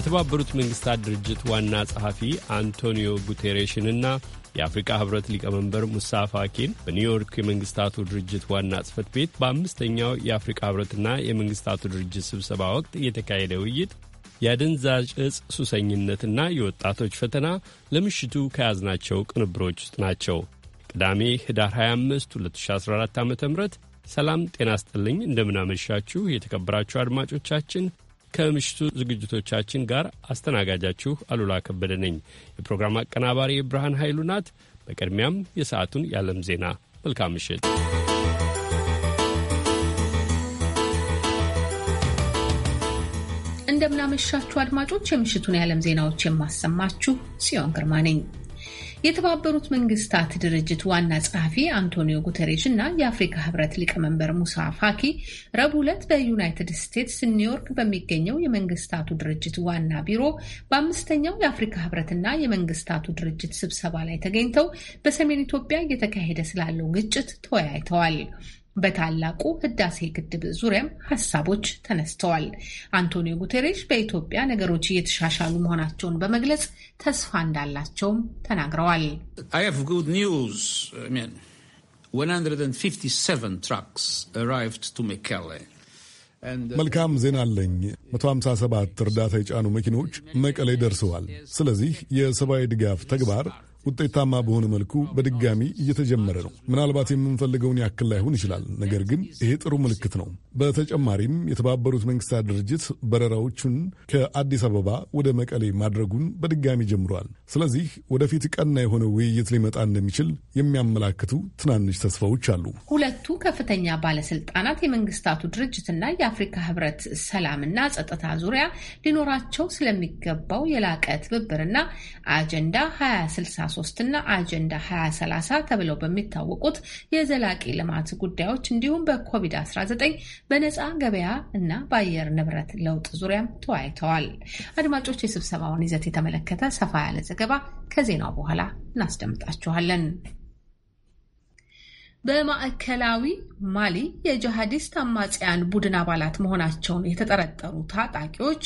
የተባበሩት መንግስታት ድርጅት ዋና ጸሐፊ አንቶኒዮ ጉቴሬሽንና የአፍሪካ ህብረት ሊቀመንበር ሙሳ ፋኪን በኒውዮርክ የመንግስታቱ ድርጅት ዋና ጽህፈት ቤት በአምስተኛው የአፍሪካ ህብረትና የመንግስታቱ ድርጅት ስብሰባ ወቅት የተካሄደ ውይይት የአደንዛዥ እጽ ሱሰኝነትና የወጣቶች ፈተና ለምሽቱ ከያዝናቸው ቅንብሮች ውስጥ ናቸው። ቅዳሜ ህዳር 25 2014 ዓ ም ሰላም ጤና ስጥልኝ። እንደምናመሻችሁ የተከበራችሁ አድማጮቻችን ከምሽቱ ዝግጅቶቻችን ጋር አስተናጋጃችሁ አሉላ ከበደ ነኝ። የፕሮግራም አቀናባሪ ብርሃን ኃይሉ ናት። በቅድሚያም የሰዓቱን የዓለም ዜና። መልካም ምሽት። እንደምናመሻችሁ አድማጮች፣ የምሽቱን የዓለም ዜናዎች የማሰማችሁ ሲዮን ግርማ ነኝ። የተባበሩት መንግስታት ድርጅት ዋና ጸሐፊ አንቶኒዮ ጉተሬሽ እና የአፍሪካ ህብረት ሊቀመንበር ሙሳ ፋኪ ረቡዕ ዕለት በዩናይትድ ስቴትስ ኒውዮርክ በሚገኘው የመንግስታቱ ድርጅት ዋና ቢሮ በአምስተኛው የአፍሪካ ህብረትና የመንግስታቱ ድርጅት ስብሰባ ላይ ተገኝተው በሰሜን ኢትዮጵያ እየተካሄደ ስላለው ግጭት ተወያይተዋል። በታላቁ ህዳሴ ግድብ ዙሪያም ሀሳቦች ተነስተዋል። አንቶኒዮ ጉቴሬሽ በኢትዮጵያ ነገሮች እየተሻሻሉ መሆናቸውን በመግለጽ ተስፋ እንዳላቸውም ተናግረዋል። uh, መልካም ዜና አለኝ። 157 እርዳታ የጫኑ መኪኖች መቀሌ ደርሰዋል። ስለዚህ የሰብአዊ ድጋፍ ተግባር ውጤታማ በሆነ መልኩ በድጋሚ እየተጀመረ ነው። ምናልባት የምንፈልገውን ያክል ላይሆን ይችላል፣ ነገር ግን ይሄ ጥሩ ምልክት ነው። በተጨማሪም የተባበሩት መንግስታት ድርጅት በረራዎቹን ከአዲስ አበባ ወደ መቀሌ ማድረጉን በድጋሚ ጀምሯል። ስለዚህ ወደፊት ቀና የሆነ ውይይት ሊመጣ እንደሚችል የሚያመላክቱ ትናንሽ ተስፋዎች አሉ። ሁለቱ ከፍተኛ ባለስልጣናት የመንግስታቱ ድርጅትና የአፍሪካ ህብረት ሰላምና ጸጥታ ዙሪያ ሊኖራቸው ስለሚገባው የላቀ ትብብርና አጀንዳ 20 23 እና አጀንዳ 2030 ተብለው በሚታወቁት የዘላቂ ልማት ጉዳዮች እንዲሁም በኮቪድ-19 በነፃ ገበያ እና በአየር ንብረት ለውጥ ዙሪያም ተወያይተዋል። አድማጮች የስብሰባውን ይዘት የተመለከተ ሰፋ ያለ ዘገባ ከዜናው በኋላ እናስደምጣችኋለን። በማዕከላዊ ማሊ የጂሃዲስት አማጽያን ቡድን አባላት መሆናቸውን የተጠረጠሩ ታጣቂዎች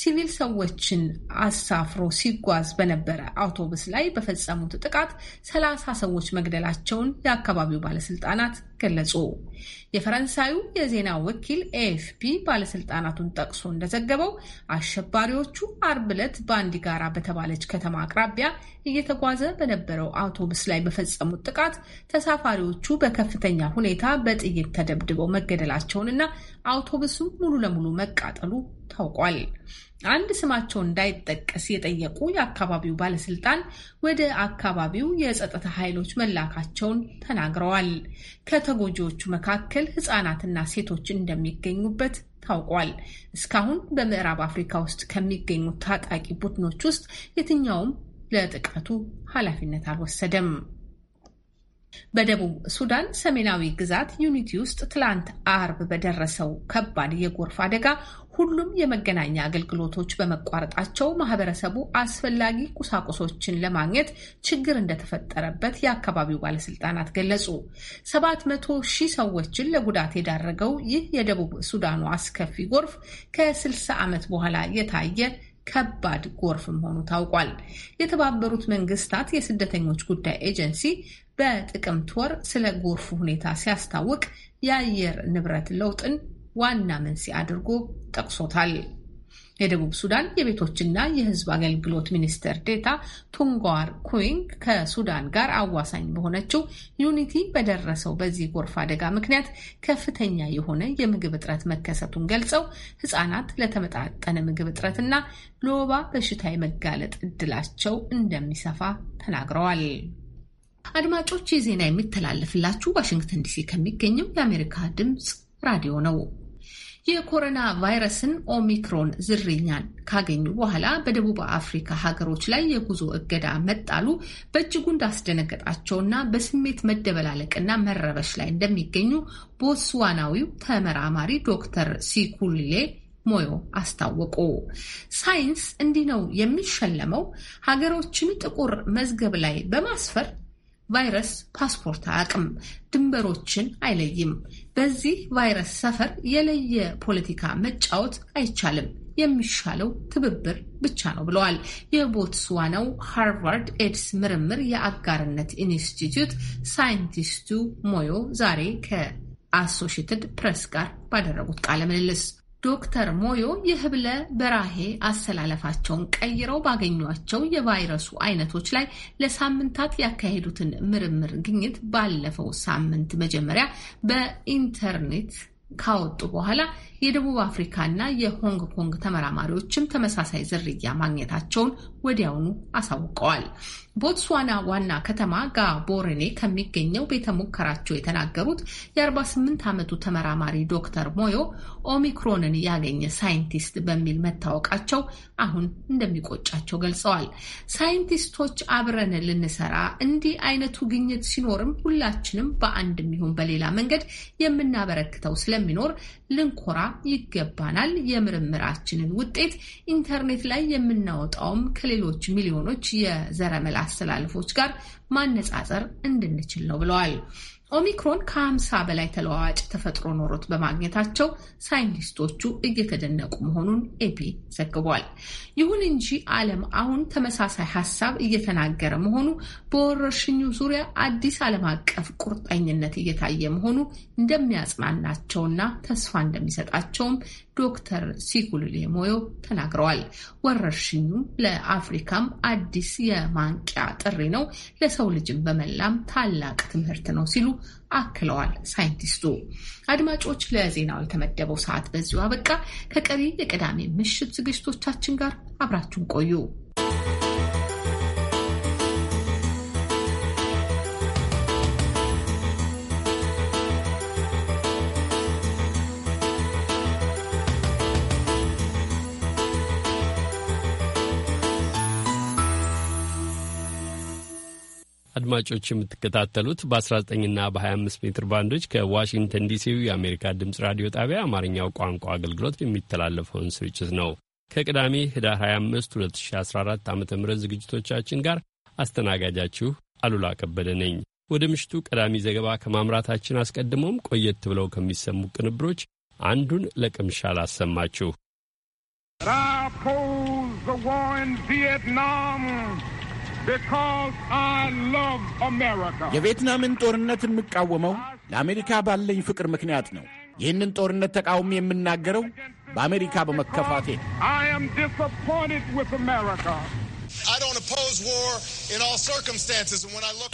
ሲቪል ሰዎችን አሳፍሮ ሲጓዝ በነበረ አውቶቡስ ላይ በፈጸሙት ጥቃት ሰላሳ ሰዎች መግደላቸውን የአካባቢው ባለስልጣናት ገለጹ። የፈረንሳዩ የዜና ወኪል ኤኤፍፒ ባለስልጣናቱን ጠቅሶ እንደዘገበው አሸባሪዎቹ አርብ ዕለት ባንዲጋራ በተባለች ከተማ አቅራቢያ እየተጓዘ በነበረው አውቶቡስ ላይ በፈጸሙት ጥቃት ተሳፋሪዎቹ በከፍተኛ ሁኔታ በጥይት ተደብድበው መገደላቸውንና አውቶቡሱ ሙሉ ለሙሉ መቃጠሉ ታውቋል። አንድ ስማቸው እንዳይጠቀስ የጠየቁ የአካባቢው ባለስልጣን ወደ አካባቢው የጸጥታ ኃይሎች መላካቸውን ተናግረዋል። ከተጎጂዎቹ መካከል ህጻናትና ሴቶች እንደሚገኙበት ታውቋል። እስካሁን በምዕራብ አፍሪካ ውስጥ ከሚገኙ ታጣቂ ቡድኖች ውስጥ የትኛውም ለጥቃቱ ኃላፊነት አልወሰደም። በደቡብ ሱዳን ሰሜናዊ ግዛት ዩኒቲ ውስጥ ትላንት አርብ በደረሰው ከባድ የጎርፍ አደጋ ሁሉም የመገናኛ አገልግሎቶች በመቋረጣቸው ማህበረሰቡ አስፈላጊ ቁሳቁሶችን ለማግኘት ችግር እንደተፈጠረበት የአካባቢው ባለስልጣናት ገለጹ። ሰባት መቶ ሺህ ሰዎችን ለጉዳት የዳረገው ይህ የደቡብ ሱዳኑ አስከፊ ጎርፍ ከ60 ዓመት በኋላ የታየ ከባድ ጎርፍ መሆኑ ታውቋል። የተባበሩት መንግስታት የስደተኞች ጉዳይ ኤጀንሲ በጥቅምት ወር ስለ ጎርፉ ሁኔታ ሲያስታውቅ የአየር ንብረት ለውጥን ዋና መንስኤ አድርጎ ጠቅሶታል። የደቡብ ሱዳን የቤቶችና የሕዝብ አገልግሎት ሚኒስትር ዴታ ቱንጓር ኩንግ ከሱዳን ጋር አዋሳኝ በሆነችው ዩኒቲ በደረሰው በዚህ ጎርፍ አደጋ ምክንያት ከፍተኛ የሆነ የምግብ እጥረት መከሰቱን ገልጸው ሕጻናት ለተመጣጠነ ምግብ እጥረትና ለወባ በሽታ የመጋለጥ እድላቸው እንደሚሰፋ ተናግረዋል። አድማጮች፣ ይህ ዜና የሚተላለፍላችሁ ዋሽንግተን ዲሲ ከሚገኘው የአሜሪካ ድምፅ ራዲዮ ነው። የኮሮና ቫይረስን ኦሚክሮን ዝርያን ካገኙ በኋላ በደቡብ አፍሪካ ሀገሮች ላይ የጉዞ እገዳ መጣሉ በእጅጉ እንዳስደነገጣቸውና በስሜት መደበላለቅና መረበሽ ላይ እንደሚገኙ ቦትስዋናዊው ተመራማሪ ዶክተር ሲኩሊሌ ሞዮ አስታወቁ። ሳይንስ እንዲህ ነው የሚሸለመው፣ ሀገሮችን ጥቁር መዝገብ ላይ በማስፈር ቫይረስ ፓስፖርት አያውቅም፣ ድንበሮችን አይለይም፣ በዚህ ቫይረስ ሰፈር የለየ ፖለቲካ መጫወት አይቻልም። የሚሻለው ትብብር ብቻ ነው ብለዋል። የቦትስዋናው ሃርቫርድ ኤድስ ምርምር የአጋርነት ኢንስቲትዩት ሳይንቲስቱ ሞዮ ዛሬ ከአሶሽትድ ፕሬስ ጋር ባደረጉት ቃለ ምልልስ ዶክተር ሞዮ የህብለ በራሄ አሰላለፋቸውን ቀይረው ባገኟቸው የቫይረሱ አይነቶች ላይ ለሳምንታት ያካሄዱትን ምርምር ግኝት ባለፈው ሳምንት መጀመሪያ በኢንተርኔት ካወጡ በኋላ የደቡብ አፍሪካና የሆንግ ኮንግ ተመራማሪዎችም ተመሳሳይ ዝርያ ማግኘታቸውን ወዲያውኑ አሳውቀዋል። ቦትስዋና ዋና ከተማ ጋቦርኔ ከሚገኘው ቤተ ሙከራቸው የተናገሩት የ48 ዓመቱ ተመራማሪ ዶክተር ሞዮ ኦሚክሮንን ያገኘ ሳይንቲስት በሚል መታወቃቸው አሁን እንደሚቆጫቸው ገልጸዋል። ሳይንቲስቶች አብረን ልንሰራ እንዲህ አይነቱ ግኝት ሲኖርም ሁላችንም በአንድም ይሁን በሌላ መንገድ የምናበረክተው ስለሚኖር ልንኮራ ይገባናል። የምርምራችንን ውጤት ኢንተርኔት ላይ የምናወጣውም ከሌሎች ሚሊዮኖች የዘረመል አስተላልፎች ጋር ማነጻጸር እንድንችል ነው ብለዋል። ኦሚክሮን ከ50 በላይ ተለዋዋጭ ተፈጥሮ ኖሮት በማግኘታቸው ሳይንቲስቶቹ እየተደነቁ መሆኑን ኤፒ ዘግቧል። ይሁን እንጂ ዓለም አሁን ተመሳሳይ ሀሳብ እየተናገረ መሆኑ፣ በወረርሽኙ ዙሪያ አዲስ ዓለም አቀፍ ቁርጠኝነት እየታየ መሆኑ እንደሚያጽናናቸውና ተስፋ እንደሚሰጣቸውም ዶክተር ሲኩልሌ ሞዮ ተናግረዋል። ወረርሽኙ ለአፍሪካም አዲስ የማንቂያ ጥሪ ነው፣ ለሰው ልጅም በመላም ታላቅ ትምህርት ነው ሲሉ አክለዋል። ሳይንቲስቱ አድማጮች፣ ለዜናው የተመደበው ሰዓት በዚሁ አበቃ። ከቀሪ የቅዳሜ ምሽት ዝግጅቶቻችን ጋር አብራችሁን ቆዩ። አድማጮች የምትከታተሉት በ19ና በ25 ሜትር ባንዶች ከዋሽንግተን ዲሲው የአሜሪካ ድምፅ ራዲዮ ጣቢያ አማርኛው ቋንቋ አገልግሎት የሚተላለፈውን ስርጭት ነው። ከቅዳሜ ህዳር 25 2014 ዓ ም ዝግጅቶቻችን ጋር አስተናጋጃችሁ አሉላ ከበደ ነኝ። ወደ ምሽቱ ቀዳሚ ዘገባ ከማምራታችን አስቀድሞም ቆየት ብለው ከሚሰሙ ቅንብሮች አንዱን ለቅምሻ ላሰማችሁ። የቪየትናምን ጦርነት የምቃወመው ለአሜሪካ ባለኝ ፍቅር ምክንያት ነው። ይህንን ጦርነት ተቃውሞ የምናገረው በአሜሪካ በመከፋቴ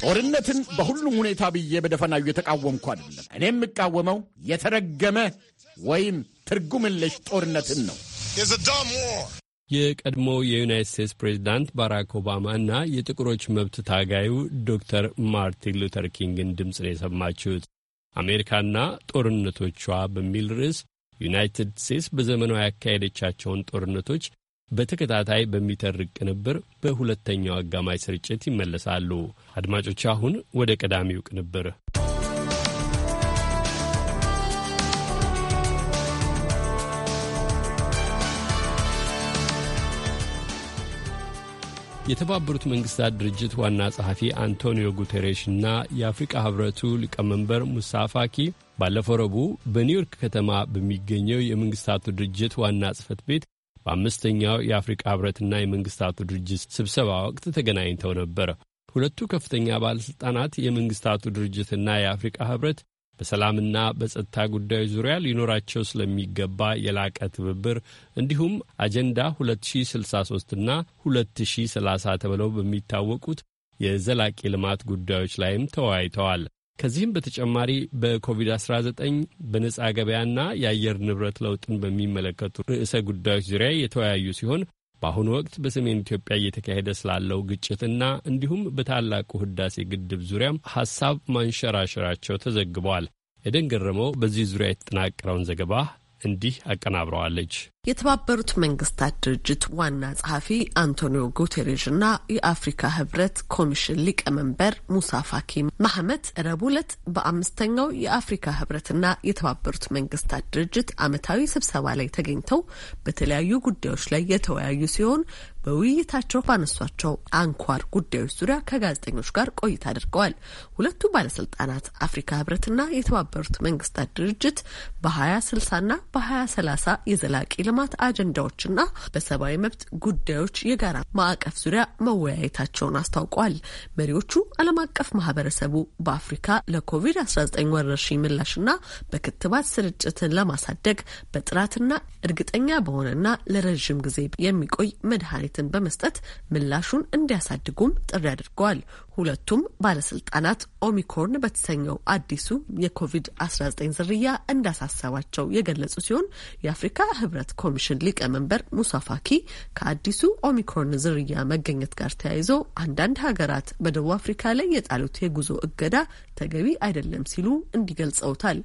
ጦርነትን በሁሉም ሁኔታ ብዬ በደፈናው የተቃወምኩ አይደለም። እኔ የምቃወመው የተረገመ ወይም ትርጉም የለሽ ጦርነትን ነው። የቀድሞ የዩናይት ስቴትስ ፕሬዚዳንት ባራክ ኦባማ እና የጥቁሮች መብት ታጋዩ ዶክተር ማርቲን ሉተር ኪንግን ድምፅ ነው የሰማችሁት። አሜሪካና ጦርነቶቿ በሚል ርዕስ ዩናይትድ ስቴትስ በዘመኗ ያካሄደቻቸውን ጦርነቶች በተከታታይ በሚተርቅ ቅንብር በሁለተኛው አጋማሽ ስርጭት ይመለሳሉ። አድማጮች፣ አሁን ወደ ቀዳሚው ቅንብር የተባበሩት መንግስታት ድርጅት ዋና ጸሐፊ አንቶኒዮ ጉተሬሽ እና የአፍሪቃ ህብረቱ ሊቀመንበር ሙሳ ፋኪ ባለፈው ረቡዕ በኒውዮርክ ከተማ በሚገኘው የመንግስታቱ ድርጅት ዋና ጽህፈት ቤት በአምስተኛው የአፍሪቃ ህብረትና የመንግስታቱ ድርጅት ስብሰባ ወቅት ተገናኝተው ነበር። ሁለቱ ከፍተኛ ባለሥልጣናት የመንግስታቱ ድርጅትና የአፍሪቃ ህብረት በሰላምና በጸጥታ ጉዳዮች ዙሪያ ሊኖራቸው ስለሚገባ የላቀ ትብብር እንዲሁም አጀንዳ 2063ና 2030 ተብለው በሚታወቁት የዘላቂ ልማት ጉዳዮች ላይም ተወያይተዋል። ከዚህም በተጨማሪ በኮቪድ-19 በነጻ ገበያና የአየር ንብረት ለውጥን በሚመለከቱ ርዕሰ ጉዳዮች ዙሪያ የተወያዩ ሲሆን በአሁኑ ወቅት በሰሜን ኢትዮጵያ እየተካሄደ ስላለው ግጭትና እንዲሁም በታላቁ ህዳሴ ግድብ ዙሪያም ሀሳብ ማንሸራሸራቸው ተዘግበዋል። ኤደን ገረመው በዚህ ዙሪያ የተጠናቀረውን ዘገባ እንዲህ አቀናብረዋለች። የተባበሩት መንግስታት ድርጅት ዋና ጸሐፊ አንቶኒዮ ጉቴሬዥ እና የአፍሪካ ህብረት ኮሚሽን ሊቀመንበር ሙሳ ፋኪ ማህመት ረቡዕ ዕለት በአምስተኛው የአፍሪካ ህብረትና የተባበሩት መንግስታት ድርጅት ዓመታዊ ስብሰባ ላይ ተገኝተው በተለያዩ ጉዳዮች ላይ የተወያዩ ሲሆን በውይይታቸው ባነሷቸው አንኳር ጉዳዮች ዙሪያ ከጋዜጠኞች ጋር ቆይታ አድርገዋል። ሁለቱ ባለስልጣናት አፍሪካ ህብረትና የተባበሩት መንግስታት ድርጅት በ ስልሳ ና በ ሰላሳ የዘላቂ ልማ የልማት አጀንዳዎችና በሰብአዊ መብት ጉዳዮች የጋራ ማዕቀፍ ዙሪያ መወያየታቸውን አስታውቋል። መሪዎቹ ዓለም አቀፍ ማህበረሰቡ በአፍሪካ ለኮቪድ-19 ወረርሽኝ ምላሽና በክትባት ስርጭትን ለማሳደግ በጥራትና እርግጠኛ በሆነና ለረዥም ጊዜ የሚቆይ መድኃኒትን በመስጠት ምላሹን እንዲያሳድጉም ጥሪ አድርገዋል። ሁለቱም ባለስልጣናት ኦሚክሮን በተሰኘው አዲሱ የኮቪድ-19 ዝርያ እንዳሳሰባቸው የገለጹ ሲሆን የአፍሪካ ህብረት ኮሚሽን ሊቀመንበር ሙሳ ፋኪ ከአዲሱ ኦሚክሮን ዝርያ መገኘት ጋር ተያይዞ አንዳንድ ሀገራት በደቡብ አፍሪካ ላይ የጣሉት የጉዞ እገዳ ተገቢ አይደለም ሲሉ እንዲገልጸውታል።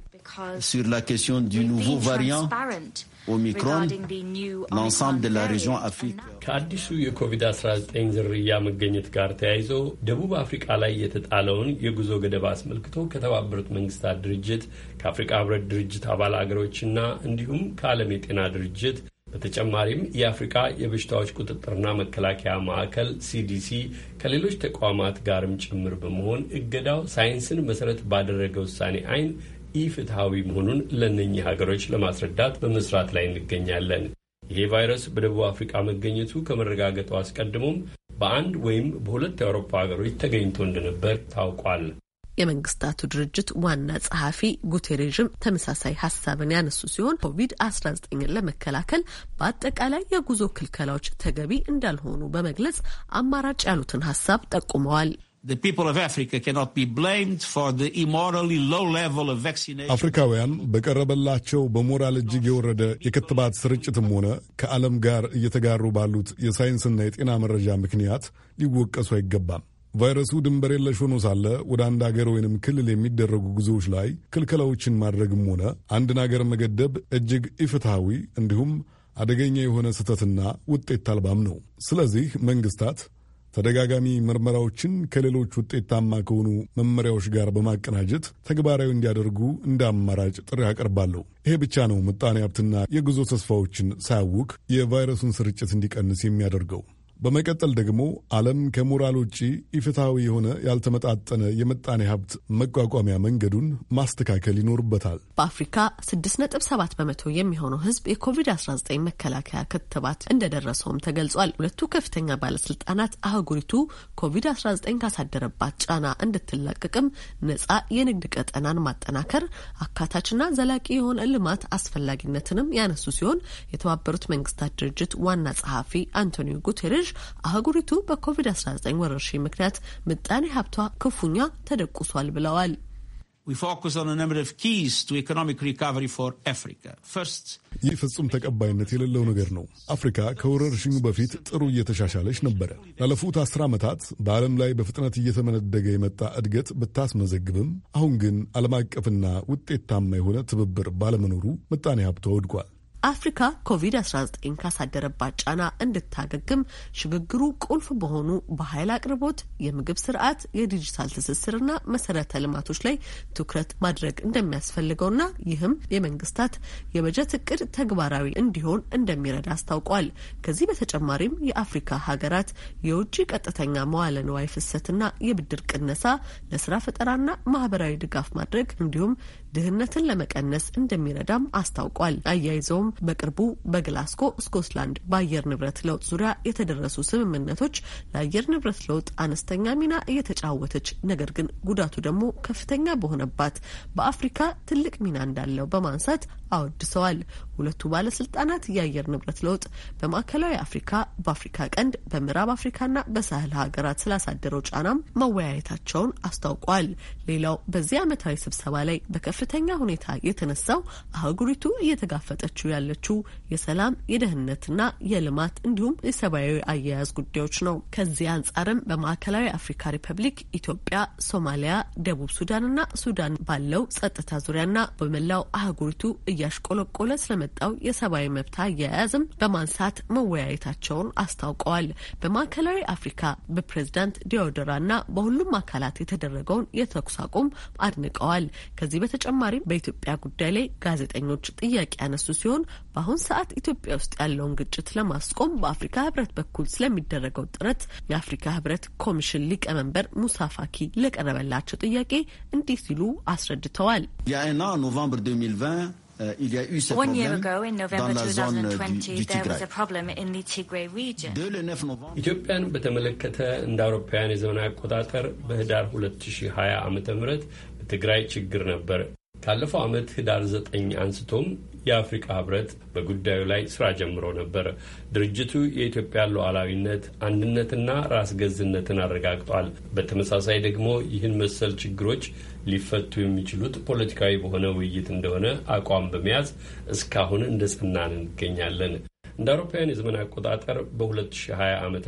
ኦሚክሮን ለአንሳም ደ ላ ሬጅን ከአዲሱ የኮቪድ-19 ዝርያ መገኘት ጋር ተያይዞ ደቡብ አፍሪቃ ላይ የተጣለውን የጉዞ ገደብ አስመልክቶ ከተባበሩት መንግስታት ድርጅት ከአፍሪቃ ህብረት ድርጅት አባል አገሮችና እንዲሁም ከዓለም የጤና ድርጅት በተጨማሪም የአፍሪካ የበሽታዎች ቁጥጥርና መከላከያ ማዕከል ሲዲሲ ከሌሎች ተቋማት ጋርም ጭምር በመሆን እገዳው ሳይንስን መሰረት ባደረገ ውሳኔ አይን ኢፍትሐዊ መሆኑን ለእነኚህ ሀገሮች ለማስረዳት በመስራት ላይ እንገኛለን። ይሄ ቫይረስ በደቡብ አፍሪካ መገኘቱ ከመረጋገጡ አስቀድሞም በአንድ ወይም በሁለት የአውሮፓ ሀገሮች ተገኝቶ እንደነበር ታውቋል። የመንግስታቱ ድርጅት ዋና ጸሐፊ ጉቴሬዥም ተመሳሳይ ሀሳብን ያነሱ ሲሆን ኮቪድ-19ን ለመከላከል በአጠቃላይ የጉዞ ክልከላዎች ተገቢ እንዳልሆኑ በመግለጽ አማራጭ ያሉትን ሀሳብ ጠቁመዋል። አፍሪካውያን በቀረበላቸው በሞራል እጅግ የወረደ የክትባት ስርጭትም ሆነ ከዓለም ጋር እየተጋሩ ባሉት የሳይንስና የጤና መረጃ ምክንያት ሊወቀሱ አይገባም። ቫይረሱ ድንበር የለሽ ሆኖ ሳለ ወደ አንድ አገር ወይንም ክልል የሚደረጉ ጉዞዎች ላይ ክልከላዎችን ማድረግም ሆነ አንድን አገር መገደብ እጅግ ኢፍትሐዊ እንዲሁም አደገኛ የሆነ ስህተትና ውጤት አልባም ነው። ስለዚህ መንግስታት ተደጋጋሚ ምርመራዎችን ከሌሎች ውጤታማ ከሆኑ መመሪያዎች ጋር በማቀናጀት ተግባራዊ እንዲያደርጉ እንደ አማራጭ ጥሪ አቀርባለሁ። ይሄ ብቻ ነው ምጣኔ ሀብትና የጉዞ ተስፋዎችን ሳያውክ የቫይረሱን ስርጭት እንዲቀንስ የሚያደርገው። በመቀጠል ደግሞ ዓለም ከሞራል ውጪ ኢፍትሐዊ የሆነ ያልተመጣጠነ የምጣኔ ሀብት መቋቋሚያ መንገዱን ማስተካከል ይኖርበታል። በአፍሪካ 6.7 በመቶ የሚሆነው ሕዝብ የኮቪድ-19 መከላከያ ክትባት እንደደረሰውም ተገልጿል። ሁለቱ ከፍተኛ ባለስልጣናት አህጉሪቱ ኮቪድ-19 ካሳደረባት ጫና እንድትላቀቅም ነጻ የንግድ ቀጠናን ማጠናከር፣ አካታችና ዘላቂ የሆነ ልማት አስፈላጊነትንም ያነሱ ሲሆን የተባበሩት መንግስታት ድርጅት ዋና ጸሐፊ አንቶኒዮ ጉቴሬሽ ሲያገረሽ አህጉሪቱ በኮቪድ-19 ወረርሽኝ ምክንያት ምጣኔ ሀብቷ ክፉኛ ተደቁሷል ብለዋል። ይህ ፍጹም ተቀባይነት የሌለው ነገር ነው። አፍሪካ ከወረርሽኙ በፊት ጥሩ እየተሻሻለች ነበረ። ላለፉት አስር ዓመታት በዓለም ላይ በፍጥነት እየተመነደገ የመጣ እድገት ብታስመዘግብም አሁን ግን ዓለም አቀፍና ውጤታማ የሆነ ትብብር ባለመኖሩ ምጣኔ ሀብቷ ወድቋል። አፍሪካ ኮቪድ-19 ካሳደረባት ጫና እንድታገግም ሽግግሩ ቁልፍ በሆኑ በኃይል አቅርቦት፣ የምግብ ስርዓት፣ የዲጂታል ትስስርና መሰረተ ልማቶች ላይ ትኩረት ማድረግ እንደሚያስፈልገውና ይህም የመንግስታት የበጀት እቅድ ተግባራዊ እንዲሆን እንደሚረዳ አስታውቋል። ከዚህ በተጨማሪም የአፍሪካ ሀገራት የውጭ ቀጥተኛ መዋለ ንዋይ ፍሰትና የብድር ቅነሳ ለስራ ፈጠራና ማህበራዊ ድጋፍ ማድረግ እንዲሁም ድህነትን ለመቀነስ እንደሚረዳም አስታውቋል። አያይዘውም በቅርቡ በግላስኮ ስኮትላንድ በአየር ንብረት ለውጥ ዙሪያ የተደረሱ ስምምነቶች ለአየር ንብረት ለውጥ አነስተኛ ሚና እየተጫወተች ነገር ግን ጉዳቱ ደግሞ ከፍተኛ በሆነባት በአፍሪካ ትልቅ ሚና እንዳለው በማንሳት አወድሰዋል። ሁለቱ ባለስልጣናት የአየር ንብረት ለውጥ በማዕከላዊ አፍሪካ፣ በአፍሪካ ቀንድ፣ በምዕራብ አፍሪካና በሳህል ሀገራት ስላሳደረው ጫናም መወያየታቸውን አስታውቋል። ሌላው በዚህ ዓመታዊ ስብሰባ ላይ በከፍተኛ ሁኔታ የተነሳው አህጉሪቱ እየተጋፈጠችው ያለችው የሰላም የደህንነትና የልማት እንዲሁም የሰብአዊ አያያዝ ጉዳዮች ነው። ከዚህ አንጻርም በማዕከላዊ አፍሪካ ሪፐብሊክ፣ ኢትዮጵያ፣ ሶማሊያ፣ ደቡብ ሱዳንና ሱዳን ባለው ጸጥታ ዙሪያና በመላው አህጉሪቱ እያ እያሽቆለቆለ ስለመጣው የሰብአዊ መብት አያያዝም በማንሳት መወያየታቸውን አስታውቀዋል። በማዕከላዊ አፍሪካ በፕሬዝዳንት ዲዮዶራና በሁሉም አካላት የተደረገውን የተኩስ አቁም አድንቀዋል። ከዚህ በተጨማሪም በኢትዮጵያ ጉዳይ ላይ ጋዜጠኞች ጥያቄ ያነሱ ሲሆን በአሁን ሰዓት ኢትዮጵያ ውስጥ ያለውን ግጭት ለማስቆም በአፍሪካ ህብረት በኩል ስለሚደረገው ጥረት የአፍሪካ ህብረት ኮሚሽን ሊቀመንበር ሙሳ ፋኪ ለቀረበላቸው ጥያቄ እንዲህ ሲሉ አስረድተዋል። የአይና ኖቨምበር 2020 ኢትዮጵያን euh, euh, በተመለከተ እንደ አውሮፓውያን የዘመን አቆጣጠር በህዳር 2020 ዓ ም በትግራይ ችግር ነበር። ካለፈው ዓመት ህዳር 9 አንስቶም የአፍሪካ ህብረት በጉዳዩ ላይ ስራ ጀምሮ ነበር። ድርጅቱ የኢትዮጵያ ሉዓላዊነት አንድነትና ራስ ገዝነትን አረጋግጧል። በተመሳሳይ ደግሞ ይህን መሰል ችግሮች ሊፈቱ የሚችሉት ፖለቲካዊ በሆነ ውይይት እንደሆነ አቋም በመያዝ እስካሁን እንደ ጽናን እንገኛለን። እንደ አውሮፓውያን የዘመን አቆጣጠር በ2020 ዓ ም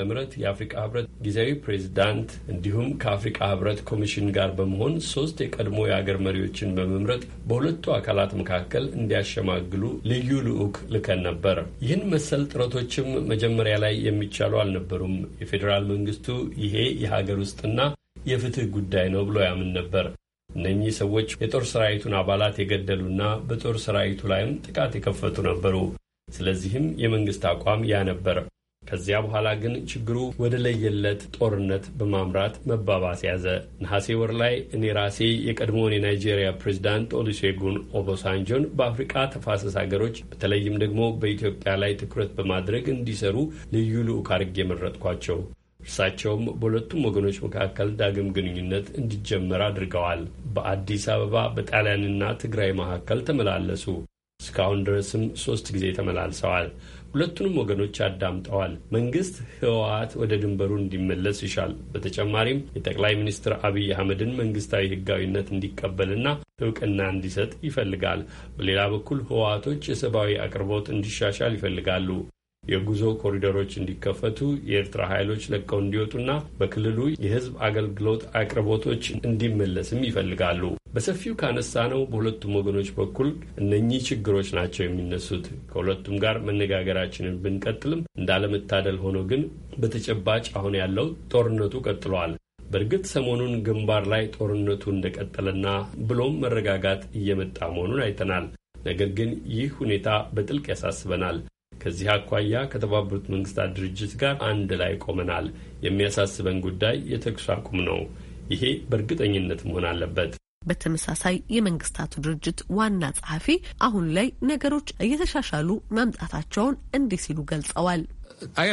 የአፍሪቃ ህብረት ጊዜያዊ ፕሬዚዳንት እንዲሁም ከአፍሪቃ ህብረት ኮሚሽን ጋር በመሆን ሶስት የቀድሞ የአገር መሪዎችን በመምረጥ በሁለቱ አካላት መካከል እንዲያሸማግሉ ልዩ ልዑክ ልከን ነበር። ይህን መሰል ጥረቶችም መጀመሪያ ላይ የሚቻሉ አልነበሩም። የፌዴራል መንግስቱ ይሄ የሀገር ውስጥና የፍትህ ጉዳይ ነው ብሎ ያምን ነበር። እነኚህ ሰዎች የጦር ሰራዊቱን አባላት የገደሉና በጦር ሰራዊቱ ላይም ጥቃት የከፈቱ ነበሩ። ስለዚህም የመንግስት አቋም ያ ነበር። ከዚያ በኋላ ግን ችግሩ ወደ ለየለት ጦርነት በማምራት መባባስ ያዘ። ነሐሴ ወር ላይ እኔ ራሴ የቀድሞውን የናይጄሪያ ፕሬዚዳንት ኦሉሴጉን ኦቦሳንጆን በአፍሪቃ ተፋሰስ ሀገሮች በተለይም ደግሞ በኢትዮጵያ ላይ ትኩረት በማድረግ እንዲሰሩ ልዩ ልዑክ አድርጌ መረጥኳቸው። እርሳቸውም በሁለቱም ወገኖች መካከል ዳግም ግንኙነት እንዲጀመር አድርገዋል። በአዲስ አበባ በጣሊያንና ትግራይ መካከል ተመላለሱ። እስካሁን ድረስም ሶስት ጊዜ ተመላልሰዋል። ሁለቱንም ወገኖች አዳምጠዋል። መንግስት ህወሓት ወደ ድንበሩ እንዲመለስ ይሻል። በተጨማሪም የጠቅላይ ሚኒስትር አብይ አህመድን መንግስታዊ ህጋዊነት እንዲቀበልና እውቅና እንዲሰጥ ይፈልጋል። በሌላ በኩል ህወሓቶች የሰብአዊ አቅርቦት እንዲሻሻል ይፈልጋሉ። የጉዞ ኮሪደሮች እንዲከፈቱ የኤርትራ ኃይሎች ለቀው እንዲወጡና በክልሉ የሕዝብ አገልግሎት አቅርቦቶች እንዲመለስም ይፈልጋሉ። በሰፊው ካነሳ ነው በሁለቱም ወገኖች በኩል እነኚህ ችግሮች ናቸው የሚነሱት። ከሁለቱም ጋር መነጋገራችንን ብንቀጥልም እንዳለመታደል ሆኖ ግን በተጨባጭ አሁን ያለው ጦርነቱ ቀጥሏል። በእርግጥ ሰሞኑን ግንባር ላይ ጦርነቱ እንደቀጠለና ብሎም መረጋጋት እየመጣ መሆኑን አይተናል። ነገር ግን ይህ ሁኔታ በጥልቅ ያሳስበናል። ከዚህ አኳያ ከተባበሩት መንግስታት ድርጅት ጋር አንድ ላይ ቆመናል። የሚያሳስበን ጉዳይ የተኩስ አቁም ነው። ይሄ በእርግጠኝነት መሆን አለበት። በተመሳሳይ የመንግስታቱ ድርጅት ዋና ጸሐፊ አሁን ላይ ነገሮች እየተሻሻሉ መምጣታቸውን እንዲህ ሲሉ ገልጸዋል። I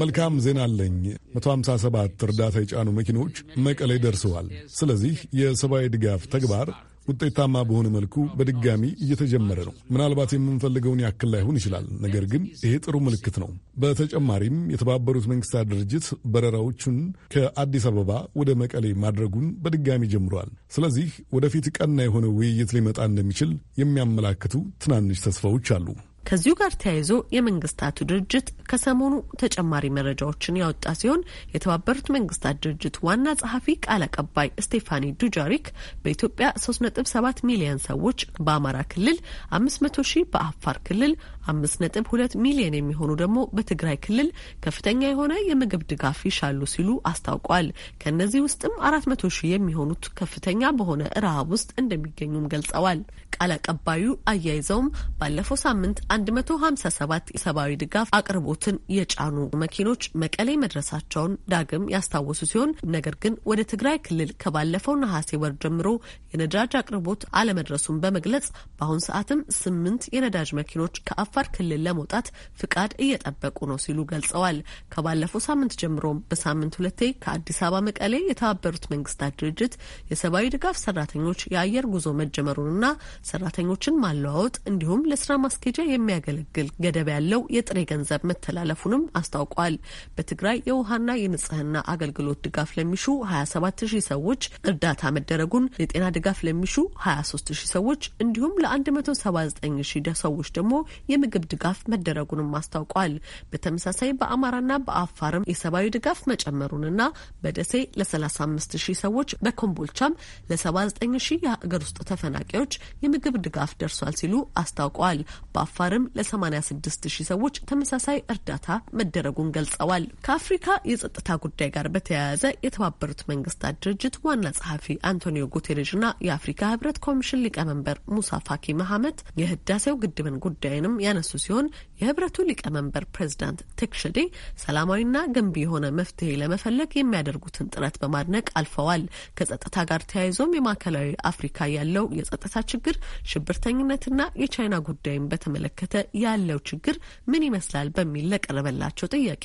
መልካም ዜና አለኝ። 157 እርዳታ የጫኑ መኪኖች መቀሌ ደርሰዋል። ስለዚህ የሰብአዊ ድጋፍ ተግባር ውጤታማ በሆነ መልኩ በድጋሚ እየተጀመረ ነው። ምናልባት የምንፈልገውን ያክል ላይሆን ይችላል፣ ነገር ግን ይሄ ጥሩ ምልክት ነው። በተጨማሪም የተባበሩት መንግስታት ድርጅት በረራዎቹን ከአዲስ አበባ ወደ መቀሌ ማድረጉን በድጋሚ ጀምሯል። ስለዚህ ወደፊት ቀና የሆነ ውይይት ሊመጣ እንደሚችል የሚያመላክቱ ትናንሽ ተስፋዎች አሉ። ከዚሁ ጋር ተያይዞ የመንግስታቱ ድርጅት ከሰሞኑ ተጨማሪ መረጃዎችን ያወጣ ሲሆን የተባበሩት መንግስታት ድርጅት ዋና ጸሐፊ ቃል አቀባይ ስቴፋኒ ዱጃሪክ በኢትዮጵያ 3.7 ሚሊዮን ሰዎች፣ በአማራ ክልል 500 ሺህ፣ በአፋር ክልል አምስት ነጥብ ሁለት ሚሊዮን የሚሆኑ ደግሞ በትግራይ ክልል ከፍተኛ የሆነ የምግብ ድጋፍ ይሻሉ ሲሉ አስታውቋል። ከእነዚህ ውስጥም አራት መቶ ሺህ የሚሆኑት ከፍተኛ በሆነ ረሃብ ውስጥ እንደሚገኙም ገልጸዋል። ቃል አቀባዩ አያይዘውም ባለፈው ሳምንት 157 የሰብአዊ ድጋፍ አቅርቦትን የጫኑ መኪኖች መቀሌ መድረሳቸውን ዳግም ያስታወሱ ሲሆን ነገር ግን ወደ ትግራይ ክልል ከባለፈው ነሐሴ ወር ጀምሮ የነዳጅ አቅርቦት አለመድረሱን በመግለጽ በአሁን ሰዓትም ስምንት የነዳጅ መኪኖች ከአፍ ከአፋር ክልል ለመውጣት ፍቃድ እየጠበቁ ነው ሲሉ ገልጸዋል። ከባለፈው ሳምንት ጀምሮም በሳምንት ሁለቴ ከአዲስ አበባ መቀሌ የተባበሩት መንግስታት ድርጅት የሰብአዊ ድጋፍ ሰራተኞች የአየር ጉዞ መጀመሩንና ሰራተኞችን ማለዋወጥ እንዲሁም ለስራ ማስኬጃ የሚያገለግል ገደብ ያለው የጥሬ ገንዘብ መተላለፉንም አስታውቋል። በትግራይ የውሃና የንጽህና አገልግሎት ድጋፍ ለሚሹ 27 ሺህ ሰዎች እርዳታ መደረጉን የጤና ድጋፍ ለሚሹ 23 ሺህ ሰዎች እንዲሁም ለ179 ሺህ ሰዎች ደግሞ የ የምግብ ድጋፍ መደረጉንም አስታውቋል። በተመሳሳይ በአማራና በአፋርም የሰብአዊ ድጋፍ መጨመሩንና በደሴ ለ35 ሺህ ሰዎች በኮምቦልቻም ለ79 ሺህ የሀገር ውስጥ ተፈናቃዮች የምግብ ድጋፍ ደርሷል ሲሉ አስታውቀዋል። በአፋርም ለ86 ሺህ ሰዎች ተመሳሳይ እርዳታ መደረጉን ገልጸዋል። ከአፍሪካ የጸጥታ ጉዳይ ጋር በተያያዘ የተባበሩት መንግስታት ድርጅት ዋና ጸሐፊ አንቶኒዮ ጉቴሬዥና የአፍሪካ ህብረት ኮሚሽን ሊቀመንበር ሙሳ ፋኪ መሐመድ የህዳሴው ግድብን ጉዳይንም ያነሱ ሲሆን የህብረቱ ሊቀመንበር ፕሬዚዳንት ቴክሸዴ ሰላማዊና ገንቢ የሆነ መፍትሄ ለመፈለግ የሚያደርጉትን ጥረት በማድነቅ አልፈዋል። ከጸጥታ ጋር ተያይዞም የማዕከላዊ አፍሪካ ያለው የጸጥታ ችግር፣ ሽብርተኝነትና የቻይና ጉዳይን በተመለከተ ያለው ችግር ምን ይመስላል በሚል ለቀረበላቸው ጥያቄ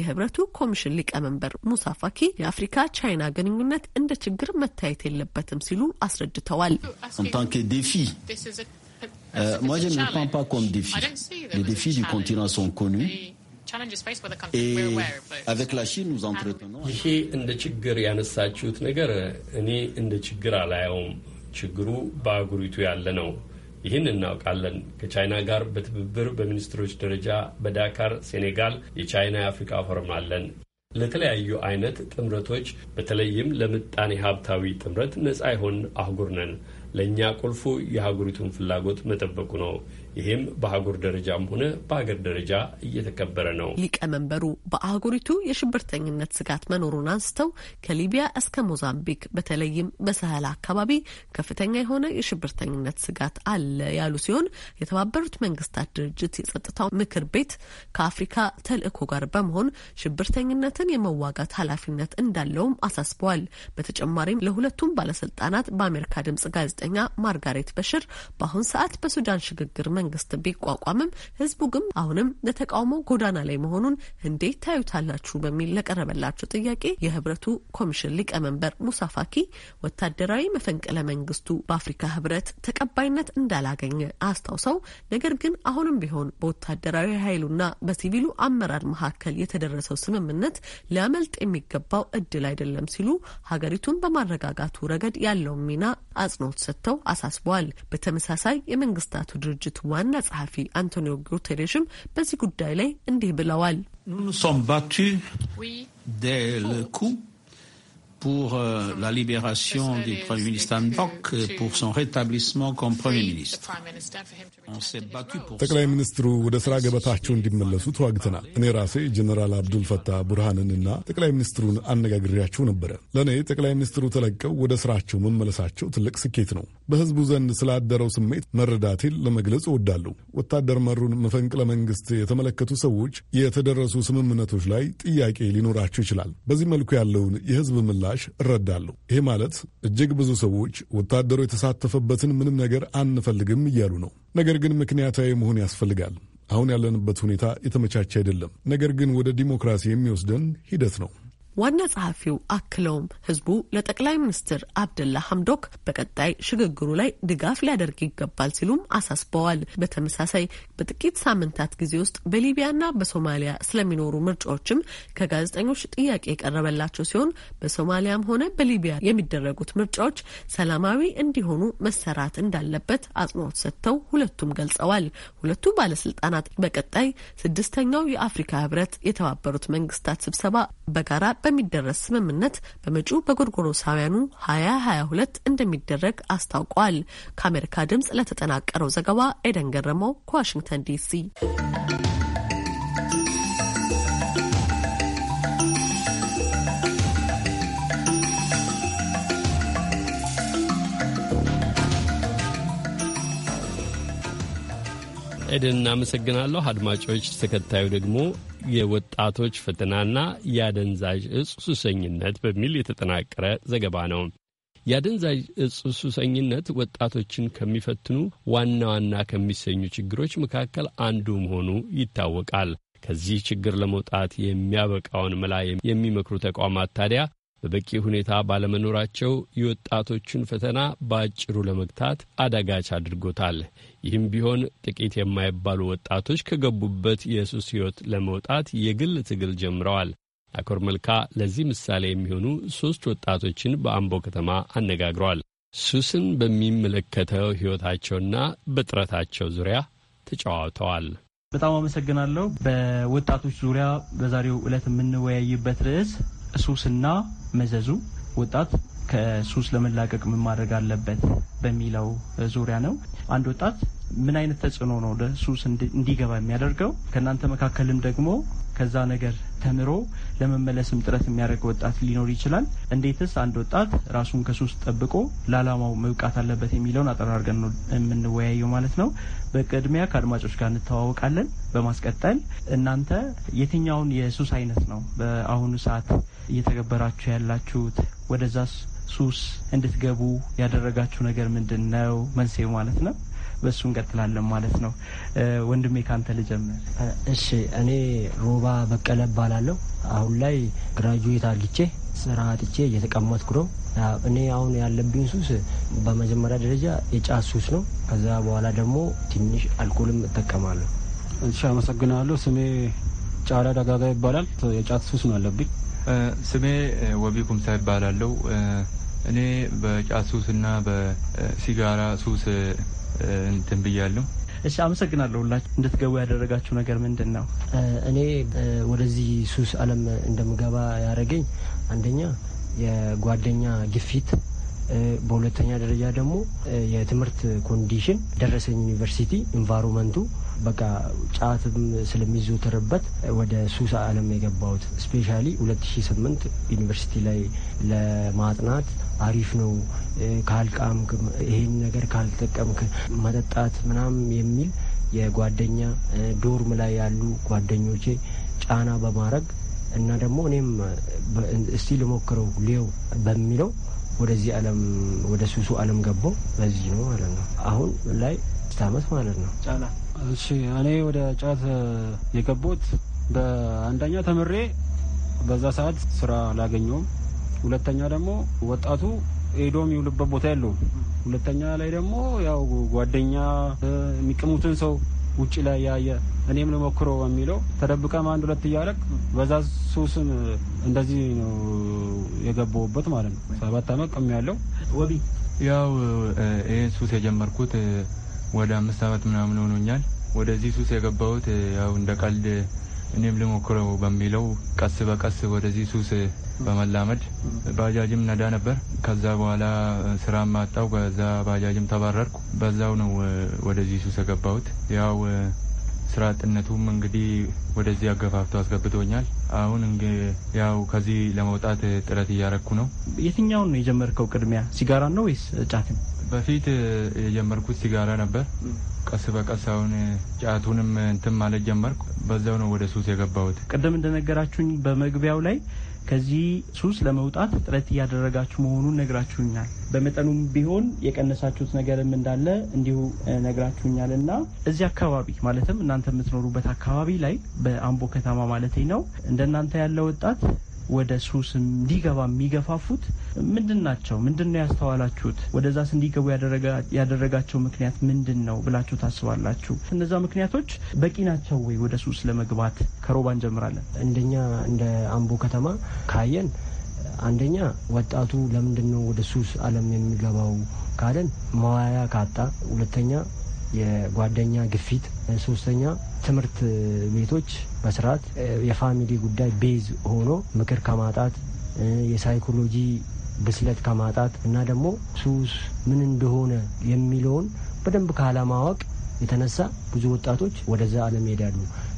የህብረቱ ኮሚሽን ሊቀመንበር ሙሳ ፋኪ የአፍሪካ ቻይና ግንኙነት እንደ ችግር መታየት የለበትም ሲሉ አስረድተዋል። Euh, moi, je ne le prends pas comme défi. Les défis du continent sont connus. Et avec la Chine, nous entretenons. ይሄ እንደ ችግር ነገር እኔ አላየውም። ችግሩ በአህጉሪቱ ያለ ነው። ይህን እናውቃለን። ከቻይና ጋር በትብብር በሚኒስትሮች ደረጃ በዳካር ሴኔጋል የቻይና የአፍሪካ ፎረም አለን። ለተለያዩ አይነት ጥምረቶች በተለይም ለምጣኔ ሀብታዊ ጥምረት ነጻ ይሆን አህጉር ነን። ለእኛ ቁልፉ የሀገሪቱን ፍላጎት መጠበቁ ነው ይህም በአህጉር ደረጃም ሆነ በአገር ደረጃ እየተከበረ ነው። ሊቀመንበሩ በአህጉሪቱ የሽብርተኝነት ስጋት መኖሩን አንስተው ከሊቢያ እስከ ሞዛምቢክ በተለይም በሳህል አካባቢ ከፍተኛ የሆነ የሽብርተኝነት ስጋት አለ ያሉ ሲሆን የተባበሩት መንግስታት ድርጅት የጸጥታው ምክር ቤት ከአፍሪካ ተልእኮ ጋር በመሆን ሽብርተኝነትን የመዋጋት ኃላፊነት እንዳለውም አሳስበዋል። በተጨማሪም ለሁለቱም ባለስልጣናት በአሜሪካ ድምጽ ጋዜጠኛ ማርጋሬት በሽር በአሁን ሰዓት በሱዳን ሽግግር መንግስት መንግስት ቢቋቋምም ህዝቡ ግን አሁንም ለተቃውሞ ጎዳና ላይ መሆኑን እንዴት ታዩታላችሁ? በሚል ለቀረበላቸው ጥያቄ የህብረቱ ኮሚሽን ሊቀመንበር ሙሳ ፋኪ ወታደራዊ መፈንቅለ መንግስቱ በአፍሪካ ህብረት ተቀባይነት እንዳላገኘ አስታውሰው ነገር ግን አሁንም ቢሆን በወታደራዊ ኃይሉና በሲቪሉ አመራር መካከል የተደረሰው ስምምነት ሊያመልጥ የሚገባው እድል አይደለም ሲሉ ሀገሪቱን በማረጋጋቱ ረገድ ያለውን ሚና አጽንኦት ሰጥተው አሳስበዋል። በተመሳሳይ የመንግስታቱ ድርጅት ዋና ጸሐፊ አንቶኒዮ ጉቴሬሽም በዚህ ጉዳይ ላይ እንዲህ ብለዋል። pour euh, la libération du Premier ministre et pour son rétablissement comme Premier ministre. On s'est battu pour ጠቅላይ ሚኒስትሩ ወደ ስራ ገበታቸው እንዲመለሱ ተዋግተናል። እኔ ራሴ ጀኔራል ብርሃንን ቡርሃንንና ጠቅላይ ሚኒስትሩን አነጋግሬያቸው ነበረ። ለእኔ ጠቅላይ ሚኒስትሩ ተለቀው ወደ ስራቸው መመለሳቸው ትልቅ ስኬት ነው። በህዝቡ ዘንድ ስላደረው ስሜት መረዳቴን ለመግለጽ እወዳለሁ። ወታደር መሩን መፈንቅለ መንግስት የተመለከቱ ሰዎች የተደረሱ ስምምነቶች ላይ ጥያቄ ሊኖራቸው ይችላል። በዚህ መልኩ ያለውን የህዝብ ምላሽ ምላሽ እረዳለሁ። ይህ ማለት እጅግ ብዙ ሰዎች ወታደሩ የተሳተፈበትን ምንም ነገር አንፈልግም እያሉ ነው። ነገር ግን ምክንያታዊ መሆን ያስፈልጋል። አሁን ያለንበት ሁኔታ የተመቻቸ አይደለም፣ ነገር ግን ወደ ዲሞክራሲ የሚወስደን ሂደት ነው። ዋና ጸሐፊው አክለውም ህዝቡ ለጠቅላይ ሚኒስትር አብደላ ሐምዶክ በቀጣይ ሽግግሩ ላይ ድጋፍ ሊያደርግ ይገባል ሲሉም አሳስበዋል። በተመሳሳይ በጥቂት ሳምንታት ጊዜ ውስጥ በሊቢያና በሶማሊያ ስለሚኖሩ ምርጫዎችም ከጋዜጠኞች ጥያቄ የቀረበላቸው ሲሆን በሶማሊያም ሆነ በሊቢያ የሚደረጉት ምርጫዎች ሰላማዊ እንዲሆኑ መሰራት እንዳለበት አጽንኦት ሰጥተው ሁለቱም ገልጸዋል። ሁለቱ ባለስልጣናት በቀጣይ ስድስተኛው የአፍሪካ ህብረት የተባበሩት መንግስታት ስብሰባ በጋራ በሚደረስ ስምምነት በመጪው በጎርጎሮሳውያኑ 2022 እንደሚደረግ አስታውቋል። ከአሜሪካ ድምፅ ለተጠናቀረው ዘገባ ኤደን ገረመው ከዋሽንግተን ዲሲ ኤደን እናመሰግናለሁ። አድማጮች፣ ተከታዩ ደግሞ የወጣቶች ፈተናና የአደንዛዥ እጽ ሱሰኝነት በሚል የተጠናቀረ ዘገባ ነው። የአደንዛዥ እጽ ሱሰኝነት ወጣቶችን ከሚፈትኑ ዋና ዋና ከሚሰኙ ችግሮች መካከል አንዱ መሆኑ ይታወቃል። ከዚህ ችግር ለመውጣት የሚያበቃውን መላ የሚመክሩ ተቋማት ታዲያ በበቂ ሁኔታ ባለመኖራቸው የወጣቶቹን ፈተና በአጭሩ ለመግታት አዳጋች አድርጎታል። ይህም ቢሆን ጥቂት የማይባሉ ወጣቶች ከገቡበት የሱስ ሕይወት ለመውጣት የግል ትግል ጀምረዋል። አኮር መልካ ለዚህ ምሳሌ የሚሆኑ ሦስት ወጣቶችን በአምቦ ከተማ አነጋግሯል። ሱስን በሚመለከተው ሕይወታቸውና በጥረታቸው ዙሪያ ተጫዋውተዋል። በጣም አመሰግናለሁ። በወጣቶች ዙሪያ በዛሬው ዕለት የምንወያይበት ርዕስ ሱስና መዘዙ ወጣት ከሱስ ለመላቀቅ ምን ማድረግ አለበት በሚለው ዙሪያ ነው። አንድ ወጣት ምን አይነት ተጽዕኖ ነው ለሱስ እንዲገባ የሚያደርገው? ከእናንተ መካከልም ደግሞ ከዛ ነገር ተምሮ ለመመለስም ጥረት የሚያደርግ ወጣት ሊኖር ይችላል። እንዴትስ አንድ ወጣት ራሱን ከሱስ ጠብቆ ለዓላማው መብቃት አለበት የሚለውን አጠራርገን ነው የምንወያየው ማለት ነው። በቅድሚያ ከአድማጮች ጋር እንተዋወቃለን። በማስቀጠል እናንተ የትኛውን የሱስ አይነት ነው በአሁኑ ሰዓት እየተገበራችሁ ያላችሁት? ወደዛ ሱስ እንድትገቡ ያደረጋችሁ ነገር ምንድን ነው? መንስኤው ማለት ነው። በእሱ እንቀጥላለን ማለት ነው። ወንድሜ ካንተ ልጀምር። እሺ፣ እኔ ሮባ በቀለ እባላለሁ። አሁን ላይ ግራጁዌት አርግቼ ስራ አጥቼ እየተቀመጥኩ ነው። እኔ አሁን ያለብኝ ሱስ በመጀመሪያ ደረጃ የጫት ሱስ ነው። ከዛ በኋላ ደግሞ ትንሽ አልኮልም እጠቀማለሁ። እሺ፣ አመሰግናለሁ። ስሜ ጫላ ደጋጋ ይባላል። የጫት ሱስ ነው ያለብኝ። ስሜ ወቢ ኩምሳ ይባላለው። እኔ በጫት ሱስና በሲጋራ ሱስ እንትን ብያለሁ። እሺ፣ አመሰግናለሁ። ሁላችሁ እንድትገቡ ያደረጋችሁ ነገር ምንድን ነው? እኔ ወደዚህ ሱስ አለም እንደምገባ ያደረገኝ አንደኛ የጓደኛ ግፊት በሁለተኛ ደረጃ ደግሞ የትምህርት ኮንዲሽን ደረሰኝ ዩኒቨርሲቲ ኢንቫይሮመንቱ በቃ ጫትም ስለሚዘወተርበት ወደ ሱስ አለም የገባሁት ስፔሻሊ 2008 ዩኒቨርሲቲ ላይ ለማጥናት አሪፍ ነው ካልቃምክ፣ ይሄን ነገር ካልጠቀምክ መጠጣት ምናምን የሚል የጓደኛ ዶርም ላይ ያሉ ጓደኞቼ ጫና በማድረግ እና ደግሞ እኔም እስቲ ልሞክረው ሌው በሚለው ወደዚህ ዓለም ወደ ሱሱ ዓለም ገባው በዚህ ነው ማለት ነው። አሁን ላይ ስት ዓመት ማለት ነው። ጫላ እሺ። እኔ ወደ ጫት የገባሁት በአንደኛ ተምሬ በዛ ሰዓት ስራ አላገኘውም። ሁለተኛ ደግሞ ወጣቱ ሄዶ የሚውልበት ቦታ የለውም። ሁለተኛ ላይ ደግሞ ያው ጓደኛ የሚቅሙትን ሰው ውጭ ላይ ያየ እኔም ልሞክሮ የሚለው ተደብቀም አንድ ሁለት እያረግ በዛ ሱስን እንደዚህ ነው የገባውበት ማለት ነው። ሰባት አመት ቅም ያለው ወቢ ያው ይህ ሱስ የጀመርኩት ወደ አምስት አመት ምናምን ሆኖኛል። ወደዚህ ሱስ የገባሁት ያው እንደ ቀልድ እኔም ልሞክረው በሚለው ቀስ በቀስ ወደዚህ ሱስ በመላመድ ባጃጅም ነዳ ነበር። ከዛ በኋላ ስራ ማጣው። ከዛ ባጃጅም ተባረርኩ። በዛው ነው ወደዚህ ሱስ የገባሁት። ያው ስራ አጥነቱም እንግዲህ ወደዚህ አገፋፍቶ አስገብቶኛል። አሁን ያው ከዚህ ለመውጣት ጥረት እያረኩ ነው። የትኛውን ነው የጀመርከው? ቅድሚያ ሲጋራ ነው ወይስ ጫትን? በፊት የጀመርኩት ሲጋራ ነበር። ቀስ በቀስ አሁን ጫቱንም እንትን ማለት ጀመርኩ። በዛው ነው ወደ ሱስ የገባሁት። ቅድም እንደነገራችሁኝ በመግቢያው ላይ ከዚህ ሱስ ለመውጣት ጥረት እያደረጋችሁ መሆኑን ነግራችሁኛል። በመጠኑም ቢሆን የቀነሳችሁት ነገርም እንዳለ እንዲሁ ነግራችሁኛል እና እዚህ አካባቢ ማለትም እናንተ የምትኖሩበት አካባቢ ላይ በአምቦ ከተማ ማለት ነው እንደናንተ ያለ ወጣት ወደ ሱስ እንዲገባ የሚገፋፉት ምንድን ናቸው? ምንድን ነው ያስተዋላችሁት? ወደዛስ እንዲገቡ ያደረጋቸው ምክንያት ምንድን ነው ብላችሁ ታስባላችሁ? እነዛ ምክንያቶች በቂ ናቸው ወይ ወደ ሱስ ለመግባት? ከሮባ እንጀምራለን። እንደኛ እንደ አምቦ ከተማ ካየን አንደኛ ወጣቱ ለምንድን ነው ወደ ሱስ አለም የሚገባው ካለን መዋያ ካጣ፣ ሁለተኛ የጓደኛ ግፊት፣ ሶስተኛ ትምህርት ቤቶች በስርዓት የፋሚሊ ጉዳይ ቤዝ ሆኖ ምክር ከማጣት የሳይኮሎጂ ብስለት ከማጣት እና ደግሞ ሱስ ምን እንደሆነ የሚለውን በደንብ ካለማወቅ የተነሳ ብዙ ወጣቶች ወደዛ አለም ይሄዳሉ።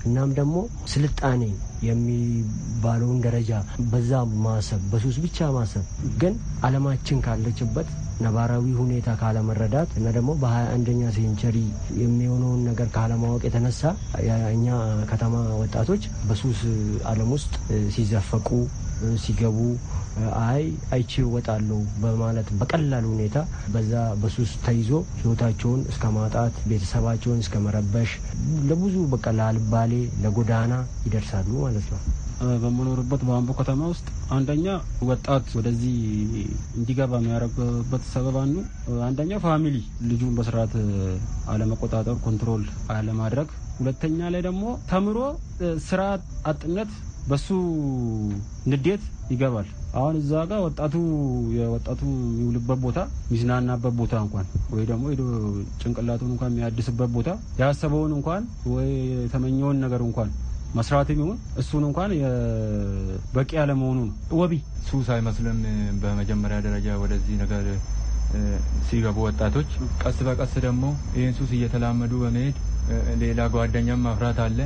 እናም ደግሞ ስልጣኔ የሚባለውን ደረጃ በዛ ማሰብ፣ በሱስ ብቻ ማሰብ ግን አለማችን ካለችበት ነባራዊ ሁኔታ ካለመረዳት እና ደግሞ በሀያ አንደኛ ሴንቸሪ የሚሆነውን ነገር ካለማወቅ የተነሳ የእኛ ከተማ ወጣቶች በሱስ አለም ውስጥ ሲዘፈቁ ሲገቡ አይ አይቼ እወጣለሁ በማለት በቀላል ሁኔታ በዛ በሱስ ተይዞ ህይወታቸውን እስከ ማጣት ቤተሰባቸውን እስከ መረበሽ ለብዙ በቃ ለአልባሌ ለጎዳና ይደርሳሉ ማለት ነው። በምኖርበት በአምቦ ከተማ ውስጥ አንደኛ ወጣት ወደዚህ እንዲገባ የሚያደርግበት ሰበብ አንዱ አንደኛ ፋሚሊ ልጁን በስርዓት አለመቆጣጠር፣ ኮንትሮል አለማድረግ፣ ሁለተኛ ላይ ደግሞ ተምሮ ስራ አጥነት በሱ ንዴት ይገባል። አሁን እዛ ጋር ወጣቱ የወጣቱ ይውልበት ቦታ ሚዝናናበት ቦታ እንኳን ወይ ደግሞ ሄዶ ጭንቅላቱን እንኳን የሚያድስበት ቦታ ያሰበውን እንኳን ወይ የተመኘውን ነገር እንኳን መስራት የሚሆን እሱን እንኳን በቂ ያለመሆኑ ነው። ወቢ ሱስ አይመስልም። በመጀመሪያ ደረጃ ወደዚህ ነገር ሲገቡ ወጣቶች ቀስ በቀስ ደግሞ ይህን ሱስ እየተላመዱ በመሄድ ሌላ ጓደኛም ማፍራት አለ።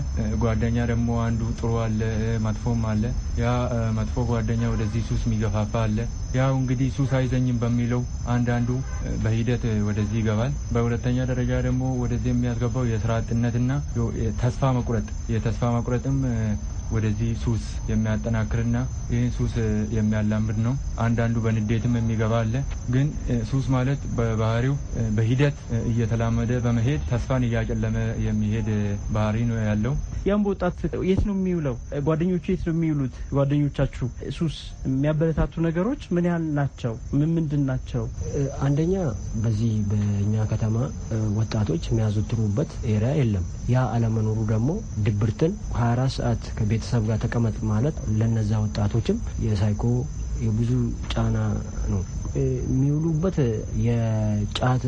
ጓደኛ ደግሞ አንዱ ጥሩ አለ፣ መጥፎም አለ። ያ መጥፎ ጓደኛ ወደዚህ ሱስ የሚገፋፋ አለ። ያው እንግዲህ ሱስ አይዘኝም በሚለው አንዳንዱ በሂደት ወደዚህ ይገባል። በሁለተኛ ደረጃ ደግሞ ወደዚህ የሚያስገባው የስራ አጥነትና ተስፋ መቁረጥ የተስፋ መቁረጥም ወደዚህ ሱስ የሚያጠናክርና ይህን ሱስ የሚያላምድ ነው። አንዳንዱ በንዴትም የሚገባ አለ። ግን ሱስ ማለት በባህሪው በሂደት እየተላመደ በመሄድ ተስፋን እያጨለመ የሚሄድ ባህሪ ነው ያለው። ያም ወጣት የት ነው የሚውለው? ጓደኞቹ የት ነው የሚውሉት? ጓደኞቻችሁ ሱስ የሚያበረታቱ ነገሮች ምን ያህል ናቸው? ምን ምንድን ናቸው? አንደኛ በዚህ በእኛ ከተማ ወጣቶች የሚያዘወትሩበት ኤሪያ የለም። ያ አለመኖሩ ደግሞ ድብርትን 24 ሰዓት ቤተሰብ ጋር ተቀመጥ ማለት ለነዛ ወጣቶችም የሳይኮ የብዙ ጫና ነው። የሚውሉበት የጫት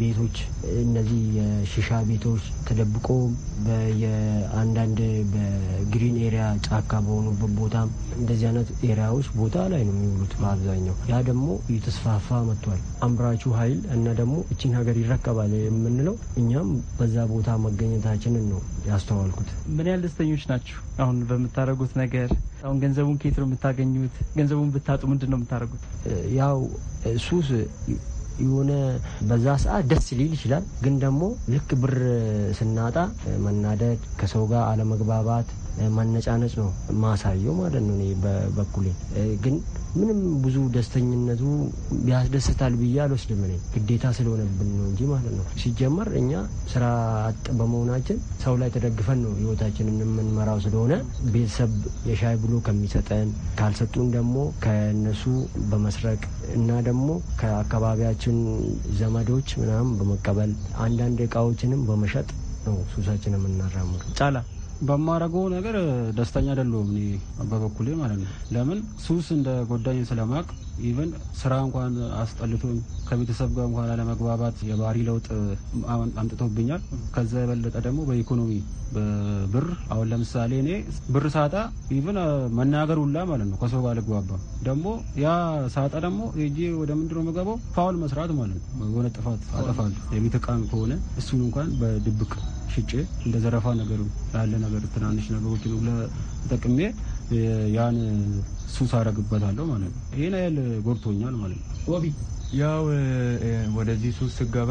ቤቶች፣ እነዚህ የሽሻ ቤቶች ተደብቆ በየአንዳንድ በግሪን ኤሪያ ጫካ በሆኑበት ቦታ እንደዚህ አይነት ኤሪያዎች ቦታ ላይ ነው የሚውሉት በአብዛኛው። ያ ደግሞ እየተስፋፋ መጥቷል። አምራቹ ኃይል እና ደግሞ እችን ሀገር ይረከባል የምንለው እኛም በዛ ቦታ መገኘታችንን ነው ያስተዋልኩት። ምን ያህል ደስተኞች ናችሁ አሁን በምታደርጉት ነገር? አሁን ገንዘቡን ከየት ነው የምታገኙት? ገንዘቡን ብታጡ ምንድን ነው የምታደርጉት? ያው ሱስ የሆነ በዛ ሰዓት ደስ ሊል ይችላል። ግን ደግሞ ልክ ብር ስናጣ መናደድ፣ ከሰው ጋር አለመግባባት ማነጫነጭ ነው ማሳየው ማለት ነው። እኔ በበኩሌ ግን ምንም ብዙ ደስተኝነቱ ያስደስታል ብዬ አልወስድም። እኔ ግዴታ ስለሆነብን ነው እንጂ ማለት ነው። ሲጀመር እኛ ስራ አጥ በመሆናችን ሰው ላይ ተደግፈን ነው ህይወታችንን የምንመራው ስለሆነ ቤተሰብ የሻይ ብሎ ከሚሰጠን ካልሰጡን ደግሞ ከነሱ በመስረቅ እና ደግሞ ከአካባቢያችን ዘመዶች ምናምን በመቀበል አንዳንድ እቃዎችንም በመሸጥ ነው ሱሳችን የምናራምዱ ጫላ በማረገው ነገር ደስተኛ አይደለሁም እኔ በበኩሌ ማለት ነው። ለምን ሱስ እንደ ጎዳኝ ስለማቅ ኢቨን ስራ እንኳን አስጠልቶኝ ከቤተሰብ ጋር እንኳን አለመግባባት የባህሪ ለውጥ አምጥቶብኛል። ከዛ የበለጠ ደግሞ በኢኮኖሚ በብር አሁን ለምሳሌ እኔ ብር ሳጣ ኢቨን መናገር ሁላ ማለት ነው ከሰው ጋር አልግባባም። ደግሞ ያ ሳጣ ደግሞ ሄጄ ወደ ምንድን ነው የምገባው ፋውል መስራት ማለት ነው። የሆነ ጥፋት አጠፋል የቤት እቃም ከሆነ እሱን እንኳን በድብቅ ሽጬ እንደ ዘረፋ ነገሩ ያለ ነገር ትናንሽ ነገሮችን ሁላ ተጠቅሜ ያን ሱስ አረግበታለሁ ማለት ነው። ይህን ያህል ጎድቶኛል ማለት ነው። ወቢ ያው ወደዚህ ሱስ ስገባ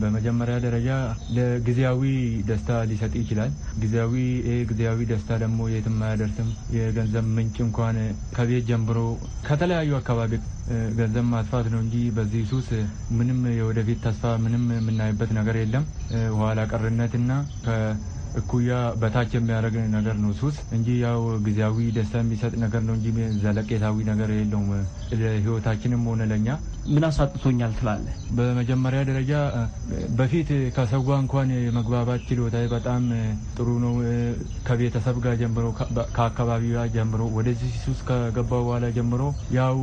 በመጀመሪያ ደረጃ ለጊዜያዊ ደስታ ሊሰጥ ይችላል። ጊዜያዊ ጊዜያዊ ደስታ ደግሞ የትም አያደርስም። የገንዘብ ምንጭ እንኳን ከቤት ጀምሮ ከተለያዩ አካባቢ ገንዘብ ማጥፋት ነው እንጂ በዚህ ሱስ ምንም የወደፊት ተስፋ ምንም የምናይበት ነገር የለም። ኋላ ቀርነትና እኩያ በታች የሚያደርግ ነገር ነው ሱስ እንጂ ያው ጊዜያዊ ደስታ የሚሰጥ ነገር ነው እንጂ ዘለቄታዊ ነገር የለውም። ለህይወታችንም ሆነ ለእኛ ምን አሳጥቶኛል ትላለህ? በመጀመሪያ ደረጃ በፊት ከሰው ጋር እንኳን የመግባባት ችሎታ በጣም ጥሩ ነው። ከቤተሰብ ጋር ጀምሮ ከአካባቢ ጋር ጀምሮ ወደዚህ ሱስ ከገባ በኋላ ጀምሮ ያው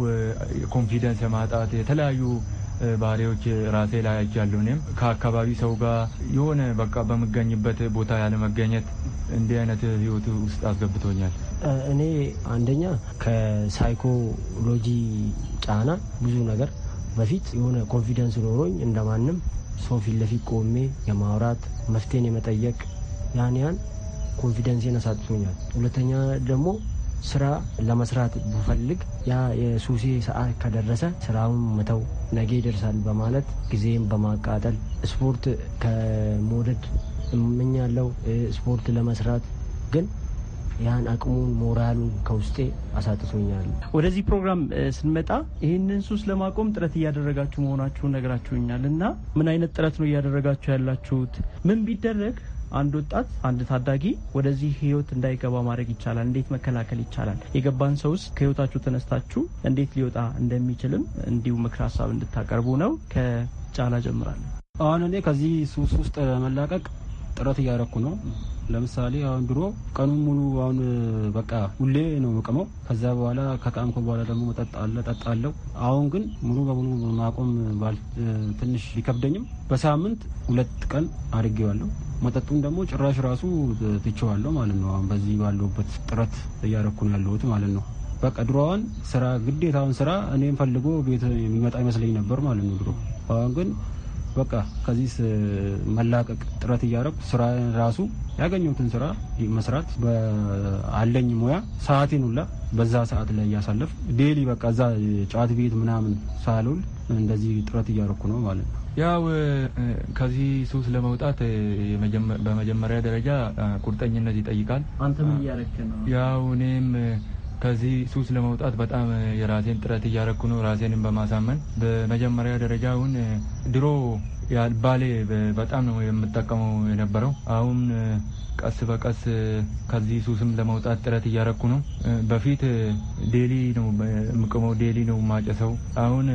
ኮንፊደንስ የማጣት የተለያዩ ባህሪዎች ራሴ ላይ አይቻለሁ። እኔም ከአካባቢ ሰው ጋር የሆነ በቃ በምገኝበት ቦታ ያለመገኘት እንዲህ አይነት ህይወት ውስጥ አስገብቶኛል። እኔ አንደኛ ከሳይኮሎጂ ጫና ብዙ ነገር በፊት የሆነ ኮንፊደንስ ኖሮኝ እንደማንም ሰው ፊት ለፊት ቆሜ የማውራት መፍትሄን የመጠየቅ ያን ያን ኮንፊደንሴን አሳጥቶኛል። ሁለተኛ ደግሞ ስራ ለመስራት ብፈልግ ያ የሱሴ ሰዓት ከደረሰ ስራውን መተው ነገ ይደርሳል በማለት ጊዜም በማቃጠል ስፖርት ከመውደድ እመኛለው ስፖርት ለመስራት ግን ያን አቅሙን ሞራሉን ከውስጤ አሳጥቶኛል። ወደዚህ ፕሮግራም ስንመጣ ይህንን ሱስ ለማቆም ጥረት እያደረጋችሁ መሆናችሁን ነግራችሁኛል እና ምን አይነት ጥረት ነው እያደረጋችሁ ያላችሁት? ምን ቢደረግ አንድ ወጣት አንድ ታዳጊ ወደዚህ ህይወት እንዳይገባ ማድረግ ይቻላል? እንዴት መከላከል ይቻላል? የገባን ሰውስ ከህይወታችሁ ተነስታችሁ እንዴት ሊወጣ እንደሚችልም እንዲሁ ምክር ሀሳብ እንድታቀርቡ ነው። ከጫላ ጀምራለሁ። አሁን እኔ ከዚህ ሱስ ውስጥ መላቀቅ ጥረት እያደረኩ ነው። ለምሳሌ አሁን ድሮ ቀኑን ሙሉ አሁን በቃ ሁሌ ነው የምቅመው። ከዛ በኋላ ከቃምኩ በኋላ ደግሞ መጠጥ አለ ጠጣለሁ። አሁን ግን ሙሉ በሙሉ ማቆም ትንሽ ቢከብደኝም በሳምንት ሁለት ቀን አድርጌዋለሁ። መጠጡም ደግሞ ጭራሽ ራሱ ትቼዋለሁ ማለት ነው። አሁን በዚህ ባለሁበት ጥረት እያረኩ ነው ያለሁት ማለት ነው። በቃ ድሮዋን ስራ ግዴታውን ስራ እኔም ፈልጎ ቤት የሚመጣ ይመስለኝ ነበር ማለት ነው ድሮ። አሁን ግን በቃ ከዚህ መላቀቅ ጥረት እያረኩ ስራ ራሱ ያገኘሁትን ስራ መስራት አለኝ ሙያ ሰዓቴን ሁላ በዛ ሰዓት ላይ እያሳለፍ ዴሊ በቃ እዛ ጫት ቤት ምናምን ሳልውል እንደዚህ ጥረት እያረኩ ነው ማለት ነው። ያው ከዚህ ሱስ ለመውጣት በመጀመሪያ ደረጃ ቁርጠኝነት ይጠይቃል። አንተ ምን እያረክ ነው? ያው እኔም ከዚህ ሱስ ለመውጣት በጣም የራሴን ጥረት እያረኩ ነው፣ ራሴንም በማሳመን በመጀመሪያ ደረጃውን ድሮ ባሌ በጣም ነው የምጠቀመው የነበረው። አሁን ቀስ በቀስ ከዚህ ሱስም ለመውጣት ጥረት እያረኩ ነው። በፊት ዴሊ ነው የምቅመው፣ ዴሊ ነው ማጨሰው። አሁን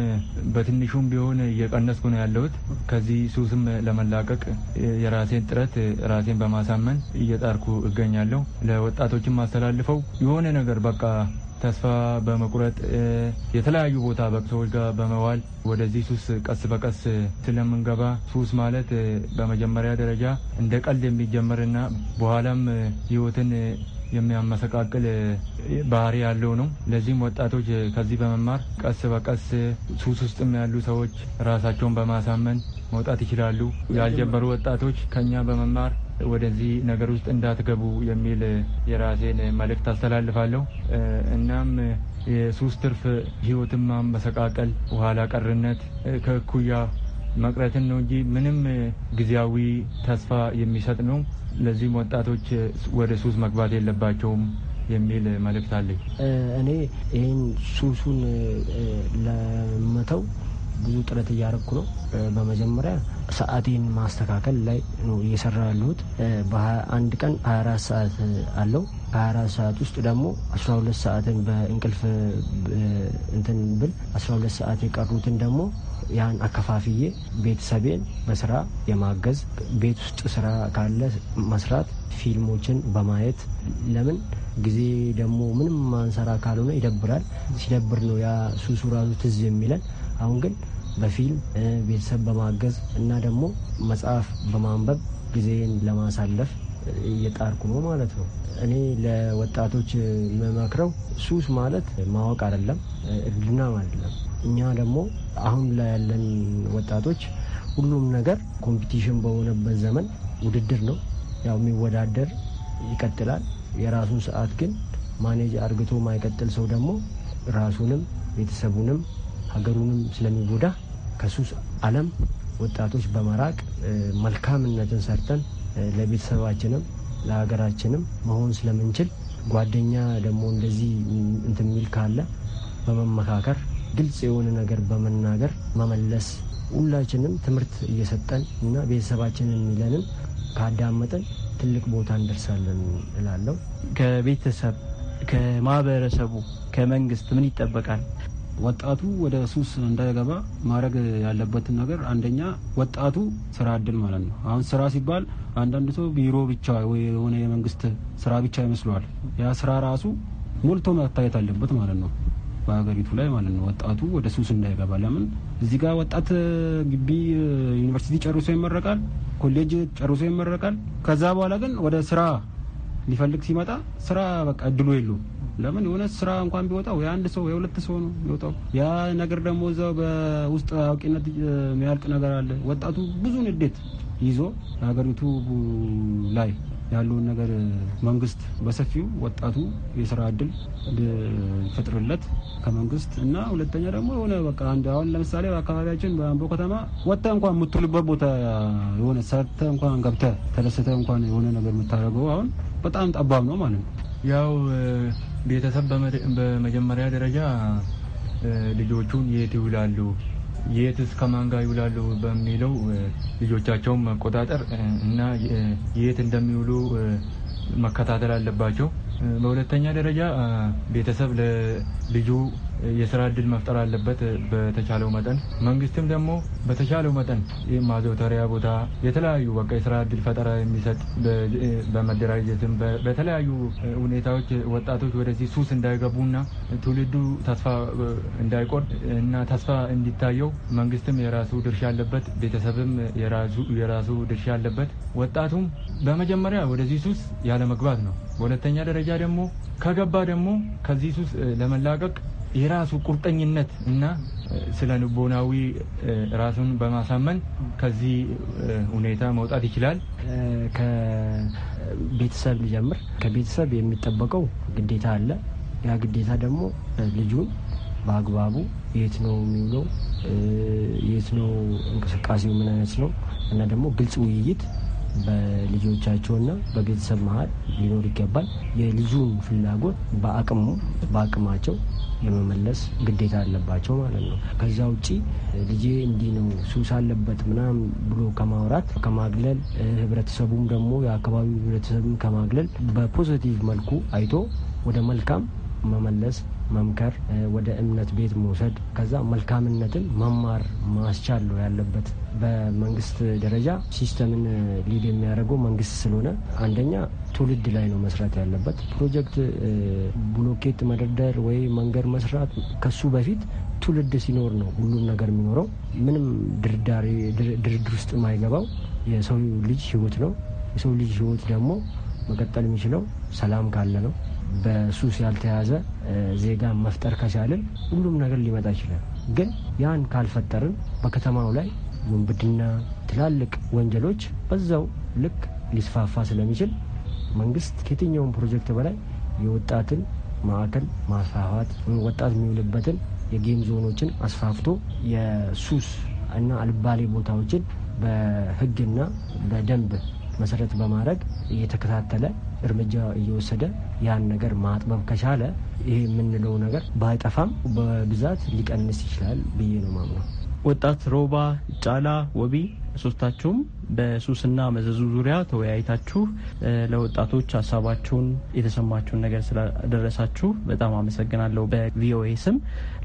በትንሹም ቢሆን እየቀነስኩ ነው ያለሁት። ከዚህ ሱስም ለመላቀቅ የራሴን ጥረት ራሴን በማሳመን እየጣርኩ እገኛለሁ። ለወጣቶችም አስተላልፈው የሆነ ነገር በቃ ተስፋ በመቁረጥ የተለያዩ ቦታ በሰዎች ጋር በመዋል ወደዚህ ሱስ ቀስ በቀስ ስለምንገባ ሱስ ማለት በመጀመሪያ ደረጃ እንደ ቀልድ የሚጀመርና በኋላም ህይወትን የሚያመሰቃቅል ባህሪ ያለው ነው። ለዚህም ወጣቶች ከዚህ በመማር ቀስ በቀስ ሱስ ውስጥም ያሉ ሰዎች ራሳቸውን በማሳመን መውጣት ይችላሉ። ያልጀመሩ ወጣቶች ከኛ በመማር ወደዚህ ነገር ውስጥ እንዳትገቡ የሚል የራሴን መልእክት አስተላልፋለሁ። እናም የሱስ ትርፍ ህይወትማ መሰቃቀል ኋላ ቀርነት፣ ከእኩያ መቅረትን ነው እንጂ ምንም ጊዜያዊ ተስፋ የሚሰጥ ነው። ለዚህም ወጣቶች ወደ ሱስ መግባት የለባቸውም የሚል መልእክት አለኝ። እኔ ይህን ሱሱን ለመተው ብዙ ጥረት እያደረኩ ነው። በመጀመሪያ ሰዓቴን ማስተካከል ላይ ነው እየሰራ ያለሁት። በአንድ ቀን 24 ሰዓት አለው። ከ24 ሰዓት ውስጥ ደግሞ 12 ሰዓትን በእንቅልፍ እንትን ብል 12 ሰዓት የቀሩትን ደግሞ ያን አከፋፍዬ ቤተሰቤን በስራ የማገዝ ቤት ውስጥ ስራ ካለ መስራት፣ ፊልሞችን በማየት ለምን ጊዜ ደግሞ ምንም ማንሰራ ካልሆነ ይደብራል። ሲደብር ነው ያ ሱሱ ራሱ ትዝ የሚለን አሁን ግን በፊልም ቤተሰብ በማገዝ እና ደግሞ መጽሐፍ በማንበብ ጊዜን ለማሳለፍ እየጣርኩ ነው ማለት ነው። እኔ ለወጣቶች የምመክረው ሱስ ማለት ማወቅ አይደለም፣ እርድናም አይደለም። እኛ ደግሞ አሁን ላይ ያለን ወጣቶች ሁሉም ነገር ኮምፒቲሽን በሆነበት ዘመን ውድድር ነው። ያው የሚወዳደር ይቀጥላል። የራሱን ሰዓት ግን ማኔጅ አርግቶ ማይቀጥል ሰው ደግሞ ራሱንም ቤተሰቡንም ሀገሩንም ስለሚጎዳ ከሱስ ዓለም ወጣቶች በመራቅ መልካምነትን ሰርተን ለቤተሰባችንም ለሀገራችንም መሆን ስለምንችል ጓደኛ ደግሞ እንደዚህ እንትን የሚል ካለ በመመካከር ግልጽ የሆነ ነገር በመናገር መመለስ ሁላችንም ትምህርት እየሰጠን እና ቤተሰባችንን የሚለንን ካዳመጠን ትልቅ ቦታ እንደርሳለን እላለሁ። ከቤተሰብ ከማህበረሰቡ፣ ከመንግስት ምን ይጠበቃል? ወጣቱ ወደ ሱስ እንዳይገባ ማድረግ ያለበትን ነገር አንደኛ ወጣቱ ስራ እድል ማለት ነው። አሁን ስራ ሲባል አንዳንድ ሰው ቢሮ ብቻ ወይ የሆነ የመንግስት ስራ ብቻ ይመስለዋል። ያ ስራ ራሱ ሞልቶ መታየት አለበት ማለት ነው። በሀገሪቱ ላይ ማለት ነው። ወጣቱ ወደ ሱስ እንዳይገባ ለምን እዚህ ጋር ወጣት ግቢ ዩኒቨርሲቲ ጨርሶ ይመረቃል፣ ኮሌጅ ጨርሶ ይመረቃል። ከዛ በኋላ ግን ወደ ስራ ሊፈልግ ሲመጣ ስራ በቃ እድሉ የለውም። ለምን የሆነ ስራ እንኳን ቢወጣው የአንድ ሰው የሁለት ሰው ነው የሚወጣው። ያ ነገር ደግሞ እዛው በውስጥ አዋቂነት የሚያልቅ ነገር አለ። ወጣቱ ብዙን ንዴት ይዞ ሀገሪቱ ላይ ያለውን ነገር መንግስት በሰፊው ወጣቱ የስራ እድል ፈጥርለት ከመንግስት እና ሁለተኛ ደግሞ የሆነ በቃ አንድ አሁን ለምሳሌ በአካባቢያችን በአምቦ ከተማ ወጥተህ እንኳን የምትውልበት ቦታ የሆነ ሰርተህ እንኳን ገብተህ ተደስተህ እንኳን የሆነ ነገር የምታደርገው አሁን በጣም ጠባብ ነው ማለት ነው ያው ቤተሰብ በመጀመሪያ ደረጃ ልጆቹን የት ይውላሉ፣ የት እስከ ማን ጋር ይውላሉ በሚለው ልጆቻቸውን መቆጣጠር እና የት እንደሚውሉ መከታተል አለባቸው። በሁለተኛ ደረጃ ቤተሰብ ለልጁ የስራ እድል መፍጠር አለበት በተቻለው መጠን። መንግስትም ደግሞ በተቻለው መጠን ማዘውተሪያ ቦታ የተለያዩ በቃ የስራ እድል ፈጠራ የሚሰጥ በመደራጀትም በተለያዩ ሁኔታዎች ወጣቶች ወደዚህ ሱስ እንዳይገቡና ትውልዱ ተስፋ እንዳይቆርጥ እና ተስፋ እንዲታየው መንግስትም የራሱ ድርሻ አለበት፣ ቤተሰብም የራሱ ድርሻ አለበት። ወጣቱም በመጀመሪያ ወደዚህ ሱስ ያለመግባት ነው። በሁለተኛ ደረጃ ደግሞ ከገባ ደግሞ ከዚህ ሱስ ለመላቀቅ የራሱ ቁርጠኝነት እና ስለ ልቦናዊ ራሱን በማሳመን ከዚህ ሁኔታ መውጣት ይችላል። ከቤተሰብ ሊጀምር ከቤተሰብ የሚጠበቀው ግዴታ አለ። ያ ግዴታ ደግሞ ልጁን በአግባቡ የት ነው የሚውለው፣ የት ነው እንቅስቃሴው፣ ምን አይነት ነው እና ደግሞ ግልጽ ውይይት በልጆቻቸውና በቤተሰብ መሀል ሊኖር ይገባል። የልጁን ፍላጎት በአቅሙ በአቅማቸው የመመለስ ግዴታ አለባቸው ማለት ነው። ከዛ ውጪ ልጄ እንዲህ ነው ሱስ አለበት ምናምን ብሎ ከማውራት ከማግለል፣ ህብረተሰቡም ደግሞ የአካባቢው ህብረተሰብን ከማግለል በፖዘቲቭ መልኩ አይቶ ወደ መልካም መመለስ መምከር፣ ወደ እምነት ቤት መውሰድ፣ ከዛ መልካምነትን መማር ማስቻል ያለበት። በመንግስት ደረጃ ሲስተምን ሊድ የሚያደርገው መንግስት ስለሆነ አንደኛ ትውልድ ላይ ነው መስራት ያለበት። ፕሮጀክት ብሎኬት መደርደር ወይ መንገድ መስራት ከሱ በፊት ትውልድ ሲኖር ነው ሁሉም ነገር የሚኖረው። ምንም ድርድር ውስጥ የማይገባው የሰው ልጅ ህይወት ነው። የሰው ልጅ ህይወት ደግሞ መቀጠል የሚችለው ሰላም ካለ ነው። በሱስ ያልተያዘ ዜጋ መፍጠር ከቻልን ሁሉም ነገር ሊመጣ ይችላል። ግን ያን ካልፈጠርን በከተማው ላይ ውንብድና፣ ትላልቅ ወንጀሎች በዛው ልክ ሊስፋፋ ስለሚችል መንግስት ከየትኛውም ፕሮጀክት በላይ የወጣትን ማዕከል ማስፋፋት ወጣት የሚውልበትን የጌም ዞኖችን አስፋፍቶ የሱስ እና አልባሌ ቦታዎችን በሕግና በደንብ መሰረት በማድረግ እየተከታተለ እርምጃ እየወሰደ ያን ነገር ማጥበብ ከቻለ ይሄ የምንለው ነገር ባይጠፋም በብዛት ሊቀንስ ይችላል ብዬ ነው ማምነው። ወጣት ሮባ ጫላ ወቢ ሶስታችሁም በሱስና መዘዙ ዙሪያ ተወያይታችሁ ለወጣቶች ሀሳባችሁን የተሰማችሁን ነገር ስላደረሳችሁ በጣም አመሰግናለሁ በቪኦኤ ስም።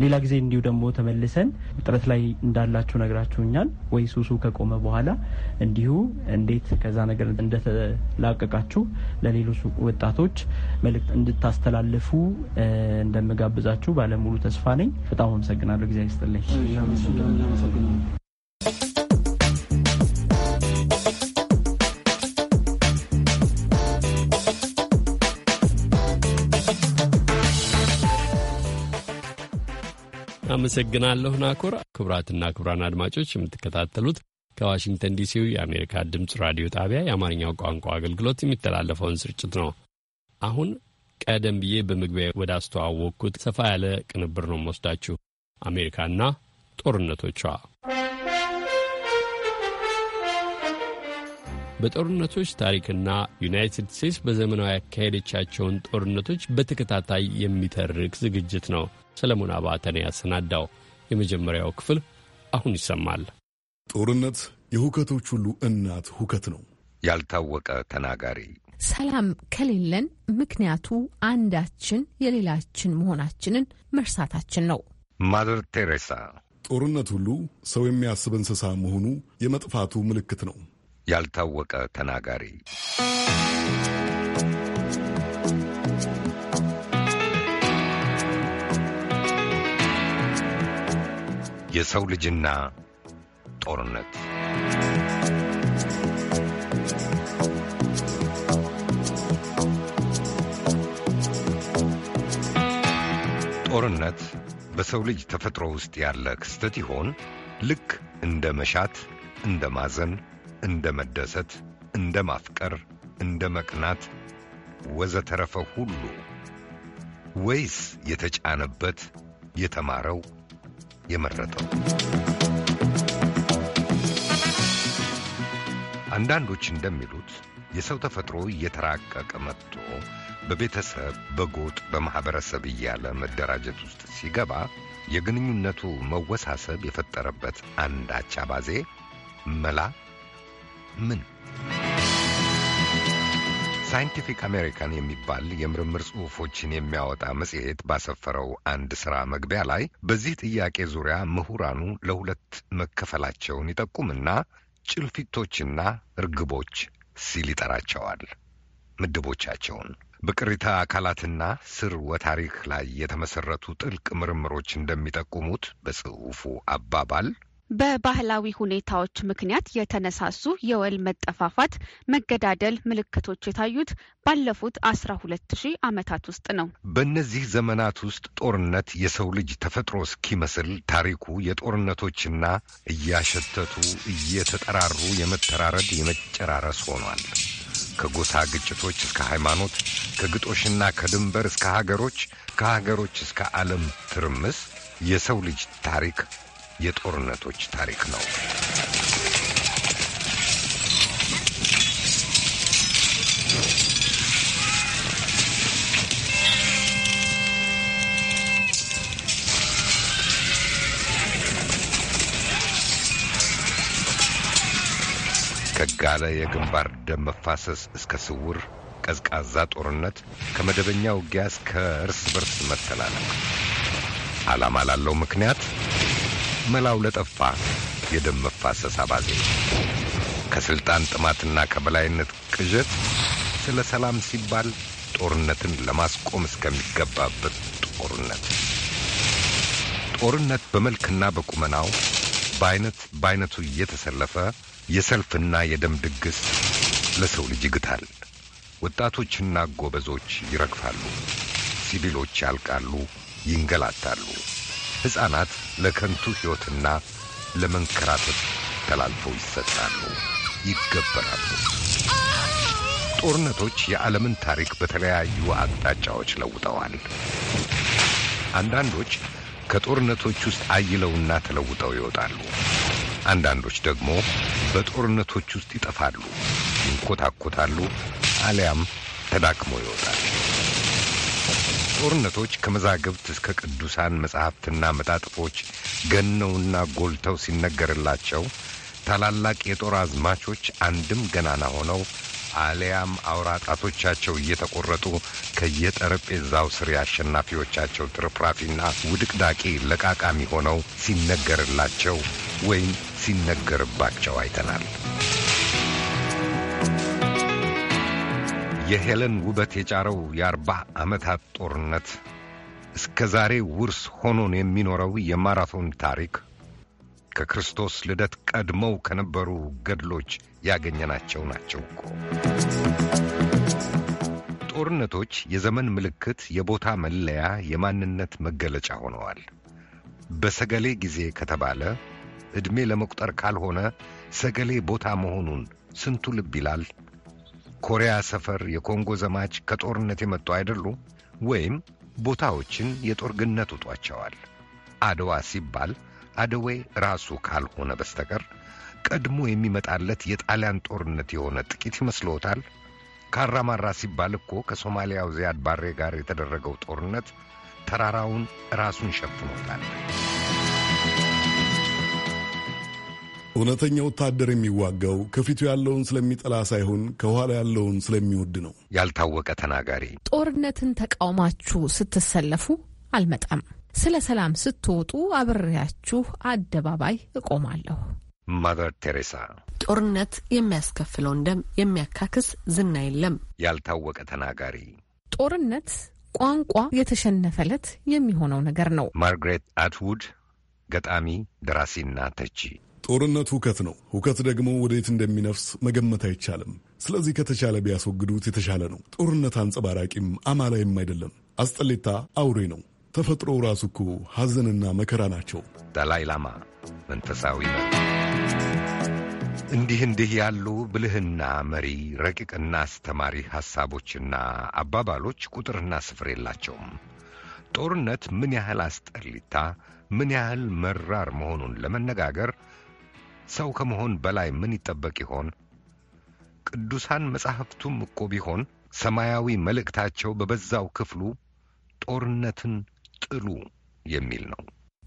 ሌላ ጊዜ እንዲሁ ደግሞ ተመልሰን ጥረት ላይ እንዳላችሁ ነግራችሁኛል ወይ ሱሱ ከቆመ በኋላ እንዲሁ እንዴት ከዛ ነገር እንደተላቀቃችሁ ለሌሎች ወጣቶች መልእክት እንድታስተላልፉ እንደምጋብዛችሁ ባለሙሉ ተስፋ ነኝ። በጣም አመሰግናለሁ። ጊዜ ይስጥልኝ። አመሰግናለሁ ናኮር። ክቡራትና ክቡራን አድማጮች የምትከታተሉት ከዋሽንግተን ዲሲው የአሜሪካ ድምፅ ራዲዮ ጣቢያ የአማርኛው ቋንቋ አገልግሎት የሚተላለፈውን ስርጭት ነው። አሁን ቀደም ብዬ በመግቢያ ወደ አስተዋወቅኩት ሰፋ ያለ ቅንብር ነው የምወስዳችሁ። አሜሪካና ጦርነቶቿ። በጦርነቶች ታሪክና ዩናይትድ ስቴትስ በዘመናዊ ያካሄደቻቸውን ጦርነቶች በተከታታይ የሚተርክ ዝግጅት ነው። ሰለሞን አባተን ያሰናዳው። የመጀመሪያው ክፍል አሁን ይሰማል። ጦርነት የሁከቶች ሁሉ እናት ሁከት ነው። ያልታወቀ ተናጋሪ ሰላም ከሌለን ምክንያቱ አንዳችን የሌላችን መሆናችንን መርሳታችን ነው። ማደር ቴሬሳ ጦርነት ሁሉ ሰው የሚያስብ እንስሳ መሆኑ የመጥፋቱ ምልክት ነው። ያልታወቀ ተናጋሪ የሰው ልጅና ጦርነት ጦርነት በሰው ልጅ ተፈጥሮ ውስጥ ያለ ክስተት ይሆን? ልክ እንደ መሻት፣ እንደ ማዘን፣ እንደ መደሰት፣ እንደ ማፍቀር፣ እንደ መቅናት ወዘተረፈ ሁሉ ወይስ የተጫነበት የተማረው የመረጠው። አንዳንዶች እንደሚሉት የሰው ተፈጥሮ እየተራቀቀ መጥቶ በቤተሰብ፣ በጎጥ፣ በማኅበረሰብ እያለ መደራጀት ውስጥ ሲገባ የግንኙነቱ መወሳሰብ የፈጠረበት አንዳች አባዜ መላ ምን ሳይንቲፊክ አሜሪካን የሚባል የምርምር ጽሑፎችን የሚያወጣ መጽሔት ባሰፈረው አንድ ሥራ መግቢያ ላይ በዚህ ጥያቄ ዙሪያ ምሁራኑ ለሁለት መከፈላቸውን ይጠቁምና ጭልፊቶችና እርግቦች ሲል ይጠራቸዋል። ምድቦቻቸውን በቅሪታ አካላትና ስር ወታሪክ ላይ የተመሠረቱ ጥልቅ ምርምሮች እንደሚጠቁሙት በጽሑፉ አባባል በባህላዊ ሁኔታዎች ምክንያት የተነሳሱ የወል መጠፋፋት፣ መገዳደል ምልክቶች የታዩት ባለፉት አስራ ሁለት ሺህ ዓመታት ውስጥ ነው። በእነዚህ ዘመናት ውስጥ ጦርነት የሰው ልጅ ተፈጥሮ እስኪመስል ታሪኩ የጦርነቶችና እያሸተቱ እየተጠራሩ የመተራረድ የመጨራረስ ሆኗል። ከጎሳ ግጭቶች እስከ ሃይማኖት፣ ከግጦሽና ከድንበር እስከ ሀገሮች፣ ከሀገሮች እስከ ዓለም ትርምስ የሰው ልጅ ታሪክ የጦርነቶች ታሪክ ነው። ከጋለ የግንባር ደም መፋሰስ እስከ ስውር ቀዝቃዛ ጦርነት ከመደበኛ ውጊያ እስከ እርስ በርስ መተላለቅ ዓላማ ላለው ምክንያት መላው ለጠፋ የደም መፋሰስ አባዜ ከሥልጣን ጥማትና ከበላይነት ቅዠት ስለ ሰላም ሲባል ጦርነትን ለማስቆም እስከሚገባበት ጦርነት ጦርነት በመልክና በቁመናው በአይነት በአይነቱ እየተሰለፈ የሰልፍና የደም ድግስ ለሰው ልጅ ይግታል። ወጣቶችና ጎበዞች ይረግፋሉ፣ ሲቪሎች ያልቃሉ፣ ይንገላታሉ። ሕፃናት ለከንቱ ሕይወትና ለመንከራተት ተላልፈው ይሰጣሉ፣ ይገበራሉ። ጦርነቶች የዓለምን ታሪክ በተለያዩ አቅጣጫዎች ለውጠዋል። አንዳንዶች ከጦርነቶች ውስጥ አይለውና ተለውጠው ይወጣሉ። አንዳንዶች ደግሞ በጦርነቶች ውስጥ ይጠፋሉ፣ ይንኮታኮታሉ፣ አሊያም ተዳክሞ ይወጣል። ጦርነቶች ከመዛግብት እስከ ቅዱሳን መጻሕፍትና መጣጥፎች ገነውና ጎልተው ሲነገርላቸው ታላላቅ የጦር አዝማቾች አንድም ገናና ሆነው አሊያም አውራ ጣቶቻቸው እየተቆረጡ ከየጠረጴዛው ስር የአሸናፊዎቻቸው ትርፍራፊና ውድቅዳቂ ለቃቃሚ ሆነው ሲነገርላቸው ወይም ሲነገርባቸው አይተናል። የሄለን ውበት የጫረው የአርባ ዓመታት ጦርነት እስከ ዛሬ ውርስ ሆኖን የሚኖረው የማራቶን ታሪክ ከክርስቶስ ልደት ቀድመው ከነበሩ ገድሎች ያገኘናቸው ናቸው እኮ። ጦርነቶች የዘመን ምልክት፣ የቦታ መለያ፣ የማንነት መገለጫ ሆነዋል። በሰገሌ ጊዜ ከተባለ ዕድሜ ለመቁጠር ካልሆነ ሰገሌ ቦታ መሆኑን ስንቱ ልብ ይላል። የኮሪያ ሰፈር የኮንጎ ዘማች ከጦርነት የመጡ አይደሉም ወይም ቦታዎችን የጦር ግነት ውጧቸዋል። አድዋ ሲባል አድዌ ራሱ ካልሆነ በስተቀር ቀድሞ የሚመጣለት የጣሊያን ጦርነት የሆነ ጥቂት ይመስልዎታል? ካራማራ ሲባል እኮ ከሶማሊያው ዚያድ ባሬ ጋር የተደረገው ጦርነት ተራራውን ራሱን ሸፍኖታል። እውነተኛ ወታደር የሚዋጋው ከፊቱ ያለውን ስለሚጠላ ሳይሆን ከኋላ ያለውን ስለሚወድ ነው። ያልታወቀ ተናጋሪ ጦርነትን ተቃውማችሁ ስትሰለፉ አልመጣም። ስለ ሰላም ስትወጡ አብሬያችሁ አደባባይ እቆማለሁ። ማደር ቴሬሳ ጦርነት የሚያስከፍለውን ደም የሚያካክስ ዝና የለም። ያልታወቀ ተናጋሪ ጦርነት ቋንቋ የተሸነፈለት የሚሆነው ነገር ነው። ማርግሬት አትውድ ገጣሚ ደራሲና ተቺ ጦርነት ሁከት ነው። ሁከት ደግሞ ወዴት እንደሚነፍስ መገመት አይቻልም። ስለዚህ ከተቻለ ቢያስወግዱት የተሻለ ነው። ጦርነት አንጸባራቂም አማላይም አይደለም። አስጠሌታ አውሬ ነው። ተፈጥሮ ራሱ እኮ ሐዘንና መከራ ናቸው። ዳላይ ላማ መንፈሳዊ ነው። እንዲህ እንዲህ ያሉ ብልህና መሪ ረቂቅና አስተማሪ ሐሳቦችና አባባሎች ቁጥርና ስፍር የላቸውም። ጦርነት ምን ያህል አስጠሊታ፣ ምን ያህል መራር መሆኑን ለመነጋገር ሰው ከመሆን በላይ ምን ይጠበቅ ይሆን? ቅዱሳን መጻሕፍቱም እኮ ቢሆን ሰማያዊ መልእክታቸው በበዛው ክፍሉ ጦርነትን ጥሉ የሚል ነው።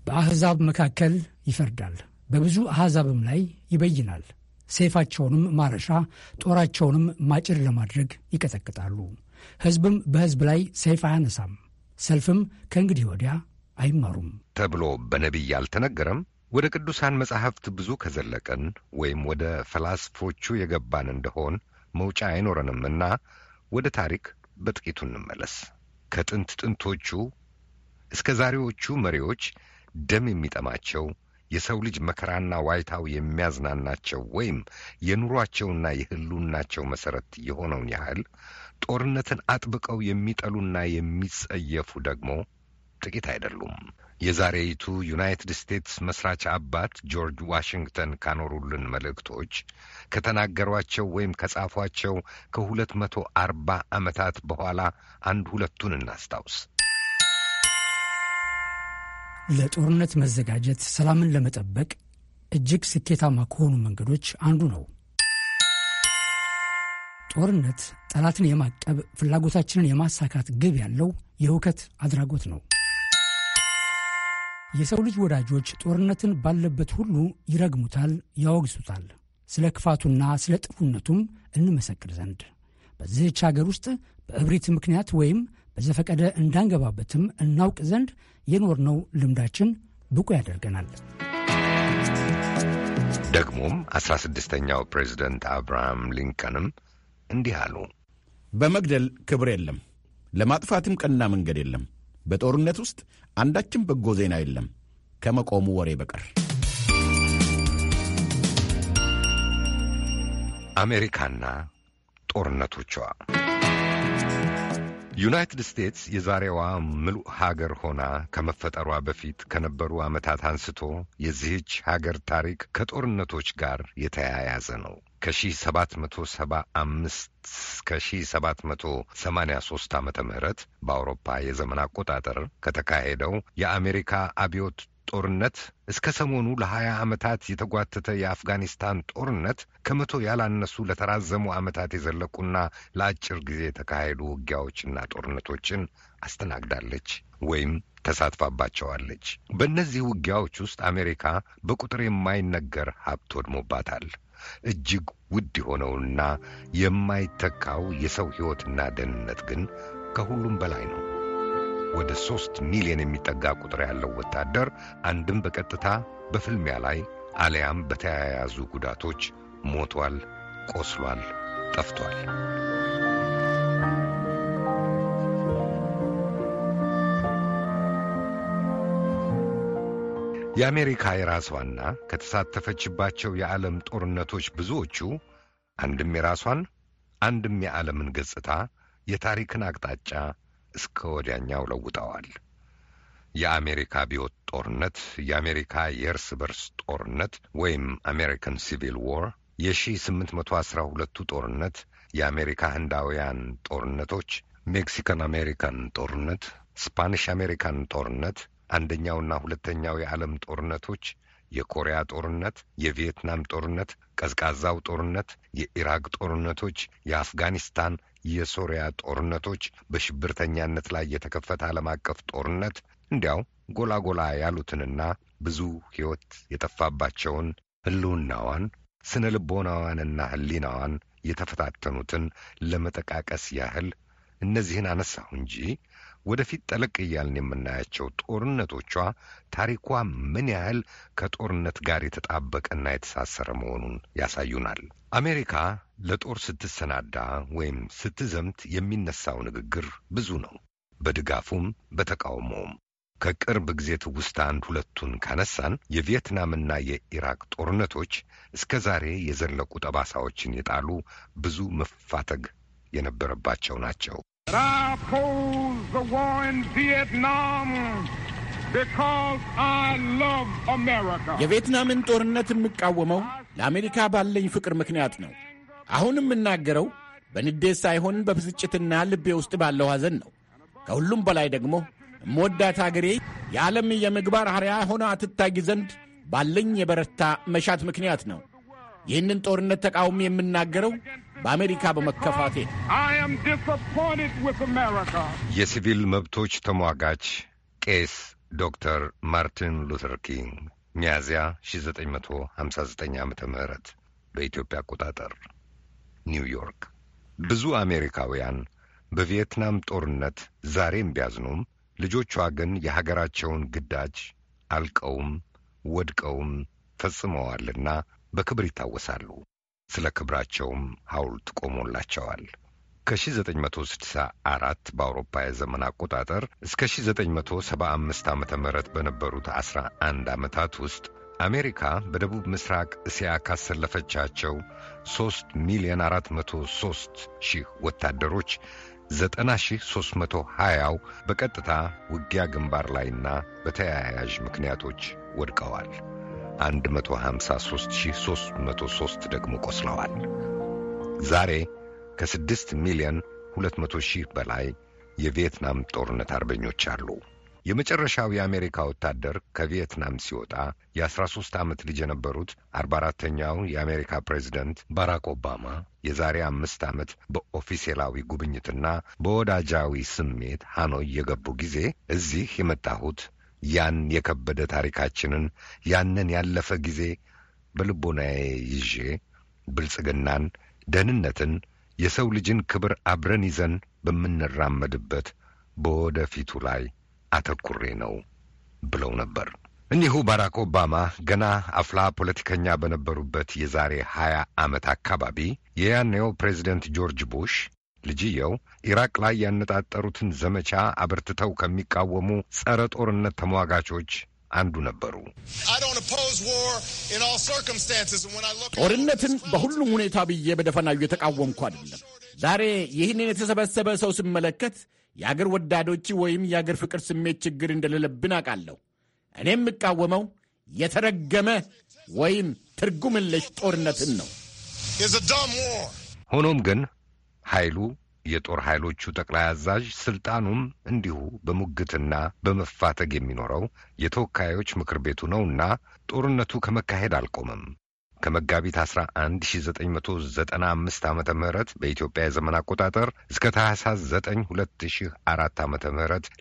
በአሕዛብ መካከል ይፈርዳል፣ በብዙ አሕዛብም ላይ ይበይናል። ሰይፋቸውንም ማረሻ ጦራቸውንም ማጭድ ለማድረግ ይቀጠቅጣሉ። ሕዝብም በሕዝብ ላይ ሰይፍ አያነሳም፣ ሰልፍም ከእንግዲህ ወዲያ አይማሩም ተብሎ በነቢይ አልተነገረም? ወደ ቅዱሳን መጻሕፍት ብዙ ከዘለቀን ወይም ወደ ፈላስፎቹ የገባን እንደሆን መውጫ አይኖረንምና ወደ ታሪክ በጥቂቱ እንመለስ። ከጥንት ጥንቶቹ እስከ ዛሬዎቹ መሪዎች ደም የሚጠማቸው የሰው ልጅ መከራና ዋይታው የሚያዝናናቸው ወይም የኑሯቸውና የህሉናቸው መሠረት የሆነውን ያህል ጦርነትን አጥብቀው የሚጠሉና የሚጸየፉ ደግሞ ጥቂት አይደሉም። የዛሬይቱ ዩናይትድ ስቴትስ መስራች አባት ጆርጅ ዋሽንግተን ካኖሩልን መልእክቶች ከተናገሯቸው ወይም ከጻፏቸው ከሁለት መቶ አርባ ዓመታት በኋላ አንድ ሁለቱን እናስታውስ። ለጦርነት መዘጋጀት ሰላምን ለመጠበቅ እጅግ ስኬታማ ከሆኑ መንገዶች አንዱ ነው። ጦርነት ጠላትን የማቀብ ፍላጎታችንን የማሳካት ግብ ያለው የሁከት አድራጎት ነው። የሰው ልጅ ወዳጆች ጦርነትን ባለበት ሁሉ ይረግሙታል፣ ያወግዙታል። ስለ ክፋቱና ስለ ጥፉነቱም እንመሰክር ዘንድ በዚህች አገር ውስጥ በእብሪት ምክንያት ወይም በዘፈቀደ እንዳንገባበትም እናውቅ ዘንድ የኖርነው ልምዳችን ብቁ ያደርገናል። ደግሞም አስራ ስድስተኛው ፕሬዚደንት አብርሃም ሊንከንም እንዲህ አሉ። በመግደል ክብር የለም፣ ለማጥፋትም ቀና መንገድ የለም። በጦርነት ውስጥ አንዳችም በጎ ዜና የለም ከመቆሙ ወሬ በቀር። አሜሪካና ጦርነቶቿ። ዩናይትድ ስቴትስ የዛሬዋ ምሉእ ሀገር ሆና ከመፈጠሯ በፊት ከነበሩ ዓመታት አንስቶ የዚህች ሀገር ታሪክ ከጦርነቶች ጋር የተያያዘ ነው። ከ1775 እስከ 1783 ዓመተ ምህረት በአውሮፓ የዘመን አቆጣጠር ከተካሄደው የአሜሪካ አብዮት ጦርነት እስከ ሰሞኑ ለሀያ ዓመታት የተጓተተ የአፍጋኒስታን ጦርነት ከመቶ ያላነሱ ለተራዘሙ ዓመታት የዘለቁና ለአጭር ጊዜ የተካሄዱ ውጊያዎችና ጦርነቶችን አስተናግዳለች ወይም ተሳትፋባቸዋለች። በእነዚህ ውጊያዎች ውስጥ አሜሪካ በቁጥር የማይነገር ሀብት ወድሞባታል። እጅግ ውድ የሆነውና የማይተካው የሰው ሕይወትና ደህንነት ግን ከሁሉም በላይ ነው። ወደ ሦስት ሚሊዮን የሚጠጋ ቁጥር ያለው ወታደር አንድም በቀጥታ በፍልሚያ ላይ አሊያም በተያያዙ ጉዳቶች ሞቷል፣ ቆስሏል፣ ጠፍቷል። የአሜሪካ የራሷና ከተሳተፈችባቸው የዓለም ጦርነቶች ብዙዎቹ አንድም የራሷን አንድም የዓለምን ገጽታ የታሪክን አቅጣጫ እስከ ወዲያኛው ለውጠዋል። የአሜሪካ ቢዮት ጦርነት፣ የአሜሪካ የእርስ በርስ ጦርነት ወይም አሜሪካን ሲቪል ዎር፣ የ1812ቱ ጦርነት፣ የአሜሪካ ህንዳውያን ጦርነቶች፣ ሜክሲካን አሜሪካን ጦርነት፣ ስፓኒሽ አሜሪካን ጦርነት አንደኛውና ሁለተኛው የዓለም ጦርነቶች፣ የኮሪያ ጦርነት፣ የቪየትናም ጦርነት፣ ቀዝቃዛው ጦርነት፣ የኢራቅ ጦርነቶች፣ የአፍጋኒስታን የሶሪያ ጦርነቶች፣ በሽብርተኛነት ላይ የተከፈተ ዓለም አቀፍ ጦርነት እንዲያው ጎላ ጎላ ያሉትንና ብዙ ሕይወት የጠፋባቸውን ሕልውናዋን ስነ ልቦናዋንና ሕሊናዋን የተፈታተኑትን ለመጠቃቀስ ያህል እነዚህን አነሳሁ እንጂ ወደፊት ጠለቅ እያልን የምናያቸው ጦርነቶቿ ታሪኳ ምን ያህል ከጦርነት ጋር የተጣበቀና የተሳሰረ መሆኑን ያሳዩናል። አሜሪካ ለጦር ስትሰናዳ ወይም ስትዘምት የሚነሳው ንግግር ብዙ ነው፣ በድጋፉም በተቃውሞውም። ከቅርብ ጊዜ ትውስት አንድ ሁለቱን ካነሳን የቪየትናምና የኢራቅ ጦርነቶች እስከ ዛሬ የዘለቁ ጠባሳዎችን የጣሉ ብዙ መፋተግ የነበረባቸው ናቸው። የቪየትናምን ጦርነት የምቃወመው ለአሜሪካ ባለኝ ፍቅር ምክንያት ነው። አሁን የምናገረው በንዴት ሳይሆን በብስጭትና ልቤ ውስጥ ባለው ሐዘን ነው። ከሁሉም በላይ ደግሞ እምወዳት አገሬ የዓለም የምግባር አርያ ሆና ትታይ ዘንድ ባለኝ የበረታ መሻት ምክንያት ነው። ይህንን ጦርነት ተቃውሞ የምናገረው በአሜሪካ በመከፋቴ የሲቪል መብቶች ተሟጋች ቄስ ዶክተር ማርቲን ሉተር ኪንግ ሚያዝያ 1959 ዓ ም በኢትዮጵያ አቆጣጠር ኒውዮርክ። ብዙ አሜሪካውያን በቪየትናም ጦርነት ዛሬም ቢያዝኑም ልጆቿ ግን የሀገራቸውን ግዳጅ አልቀውም ወድቀውም ፈጽመዋልና በክብር ይታወሳሉ። ስለ ክብራቸውም ሐውልት ቆሞላቸዋል። ከ1964 በአውሮፓ የዘመን አቆጣጠር እስከ 1975 ዓ ም በነበሩት 11 ዓመታት ውስጥ አሜሪካ በደቡብ ምስራቅ እስያ ካሰለፈቻቸው 3 ሚሊዮን 403 ሺህ ወታደሮች 90 ው በቀጥታ ውጊያ ግንባር ላይና በተያያዥ ምክንያቶች ወድቀዋል። 153303 ደግሞ ቆስለዋል። ዛሬ ከ6 ሚሊዮን 200 ሺህ በላይ የቪየትናም ጦርነት አርበኞች አሉ። የመጨረሻው የአሜሪካ ወታደር ከቪየትናም ሲወጣ የ13 ዓመት ልጅ የነበሩት 44ተኛው የአሜሪካ ፕሬዚደንት ባራክ ኦባማ የዛሬ አምስት ዓመት በኦፊሴላዊ ጉብኝትና በወዳጃዊ ስሜት ሃኖይ የገቡ ጊዜ እዚህ የመጣሁት ያን የከበደ ታሪካችንን ያንን ያለፈ ጊዜ በልቦናዬ ይዤ ብልጽግናን፣ ደህንነትን፣ የሰው ልጅን ክብር አብረን ይዘን በምንራመድበት በወደፊቱ ላይ አተኩሬ ነው ብለው ነበር። እኒሁ ባራክ ኦባማ ገና አፍላ ፖለቲከኛ በነበሩበት የዛሬ ሀያ ዓመት አካባቢ የያኔው ፕሬዚደንት ጆርጅ ቡሽ ልጅየው ኢራቅ ላይ ያነጣጠሩትን ዘመቻ አበርትተው ከሚቃወሙ ጸረ ጦርነት ተሟጋቾች አንዱ ነበሩ። ጦርነትን በሁሉም ሁኔታ ብዬ በደፈናዩ የተቃወምኩ አይደለም። ዛሬ ይህንን የተሰበሰበ ሰው ስመለከት የአገር ወዳዶች ወይም የአገር ፍቅር ስሜት ችግር እንደሌለብን አውቃለሁ። እኔ የምቃወመው የተረገመ ወይም ትርጉም የለሽ ጦርነትን ነው። ሆኖም ግን ኃይሉ የጦር ኃይሎቹ ጠቅላይ አዛዥ ስልጣኑም እንዲሁ በሙግትና በመፋተግ የሚኖረው የተወካዮች ምክር ቤቱ ነውና ጦርነቱ ከመካሄድ አልቆመም። ከመጋቢት 11 1995 ዓ ም በኢትዮጵያ የዘመን አቆጣጠር እስከ ታህሳስ 9 2004 ዓ ም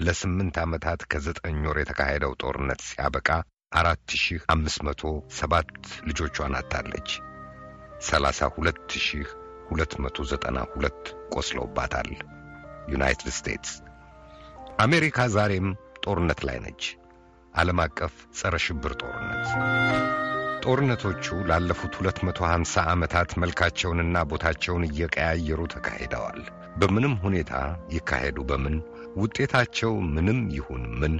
ለስምንት ዓመታት ከዘጠኝ ወር የተካሄደው ጦርነት ሲያበቃ 4507 ልጆቿን አጣለች። 292 ቆስለውባታል። ዩናይትድ ስቴትስ አሜሪካ ዛሬም ጦርነት ላይ ነች። ዓለም አቀፍ ጸረ ሽብር ጦርነት። ጦርነቶቹ ላለፉት 250 ዓመታት መልካቸውንና ቦታቸውን እየቀያየሩ ተካሂደዋል። በምንም ሁኔታ ይካሄዱ በምን ውጤታቸው ምንም ይሁን ምን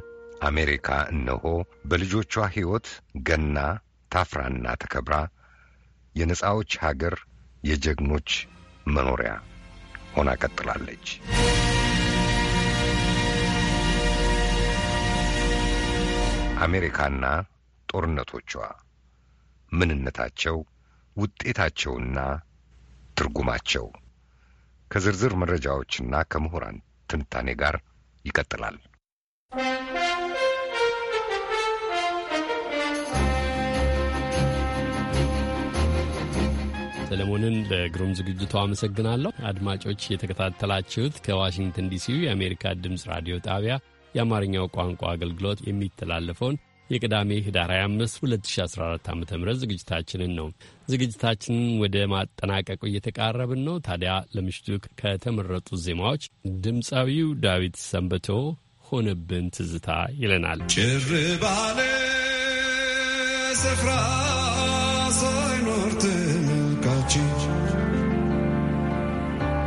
አሜሪካ እነሆ በልጆቿ ሕይወት ገና ታፍራና ተከብራ የነፃዎች ሀገር የጀግኖች መኖሪያ ሆና ቀጥላለች። አሜሪካና ጦርነቶቿ ምንነታቸው፣ ውጤታቸውና ትርጉማቸው ከዝርዝር መረጃዎችና ከምሁራን ትንታኔ ጋር ይቀጥላል። ሰለሞንን ለግሩም ዝግጅቱ አመሰግናለሁ። አድማጮች የተከታተላችሁት ከዋሽንግተን ዲሲው የአሜሪካ ድምፅ ራዲዮ ጣቢያ የአማርኛው ቋንቋ አገልግሎት የሚተላለፈውን የቅዳሜ ህዳር 25 2014 ዓ ም ዝግጅታችንን ነው። ዝግጅታችንን ወደ ማጠናቀቁ እየተቃረብን ነው። ታዲያ ለምሽቱ ከተመረጡት ዜማዎች ድምፃዊው ዳዊት ሰንበቶ ሆነብን ትዝታ ይለናል። ጭር ባለ ስፍራ ሳይኖርትን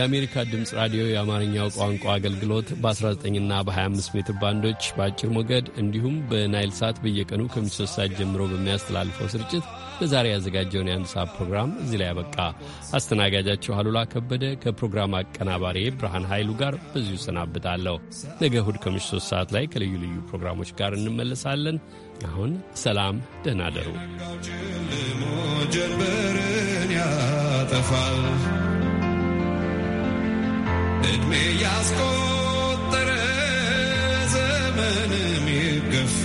የአሜሪካ ድምፅ ራዲዮ የአማርኛው ቋንቋ አገልግሎት በ19ና በ25 ሜትር ባንዶች በአጭር ሞገድ እንዲሁም በናይል ሳት በየቀኑ ከምሽቱ ሰዓት ጀምሮ በሚያስተላልፈው ስርጭት ለዛሬ ያዘጋጀውን የአንድ ሰዓት ፕሮግራም እዚህ ላይ ያበቃ። አስተናጋጃችሁ አሉላ ከበደ ከፕሮግራም አቀናባሪ ብርሃን ኃይሉ ጋር በዚሁ እሰናብታለሁ። ነገ እሁድ ከምሽቱ ሰዓት ላይ ከልዩ ልዩ ፕሮግራሞች ጋር እንመለሳለን። አሁን ሰላም፣ ደህና ደሩ። ጀንበርን ያጠፋል እድሜ ያስቆጠረ ዘመንም ይገፋ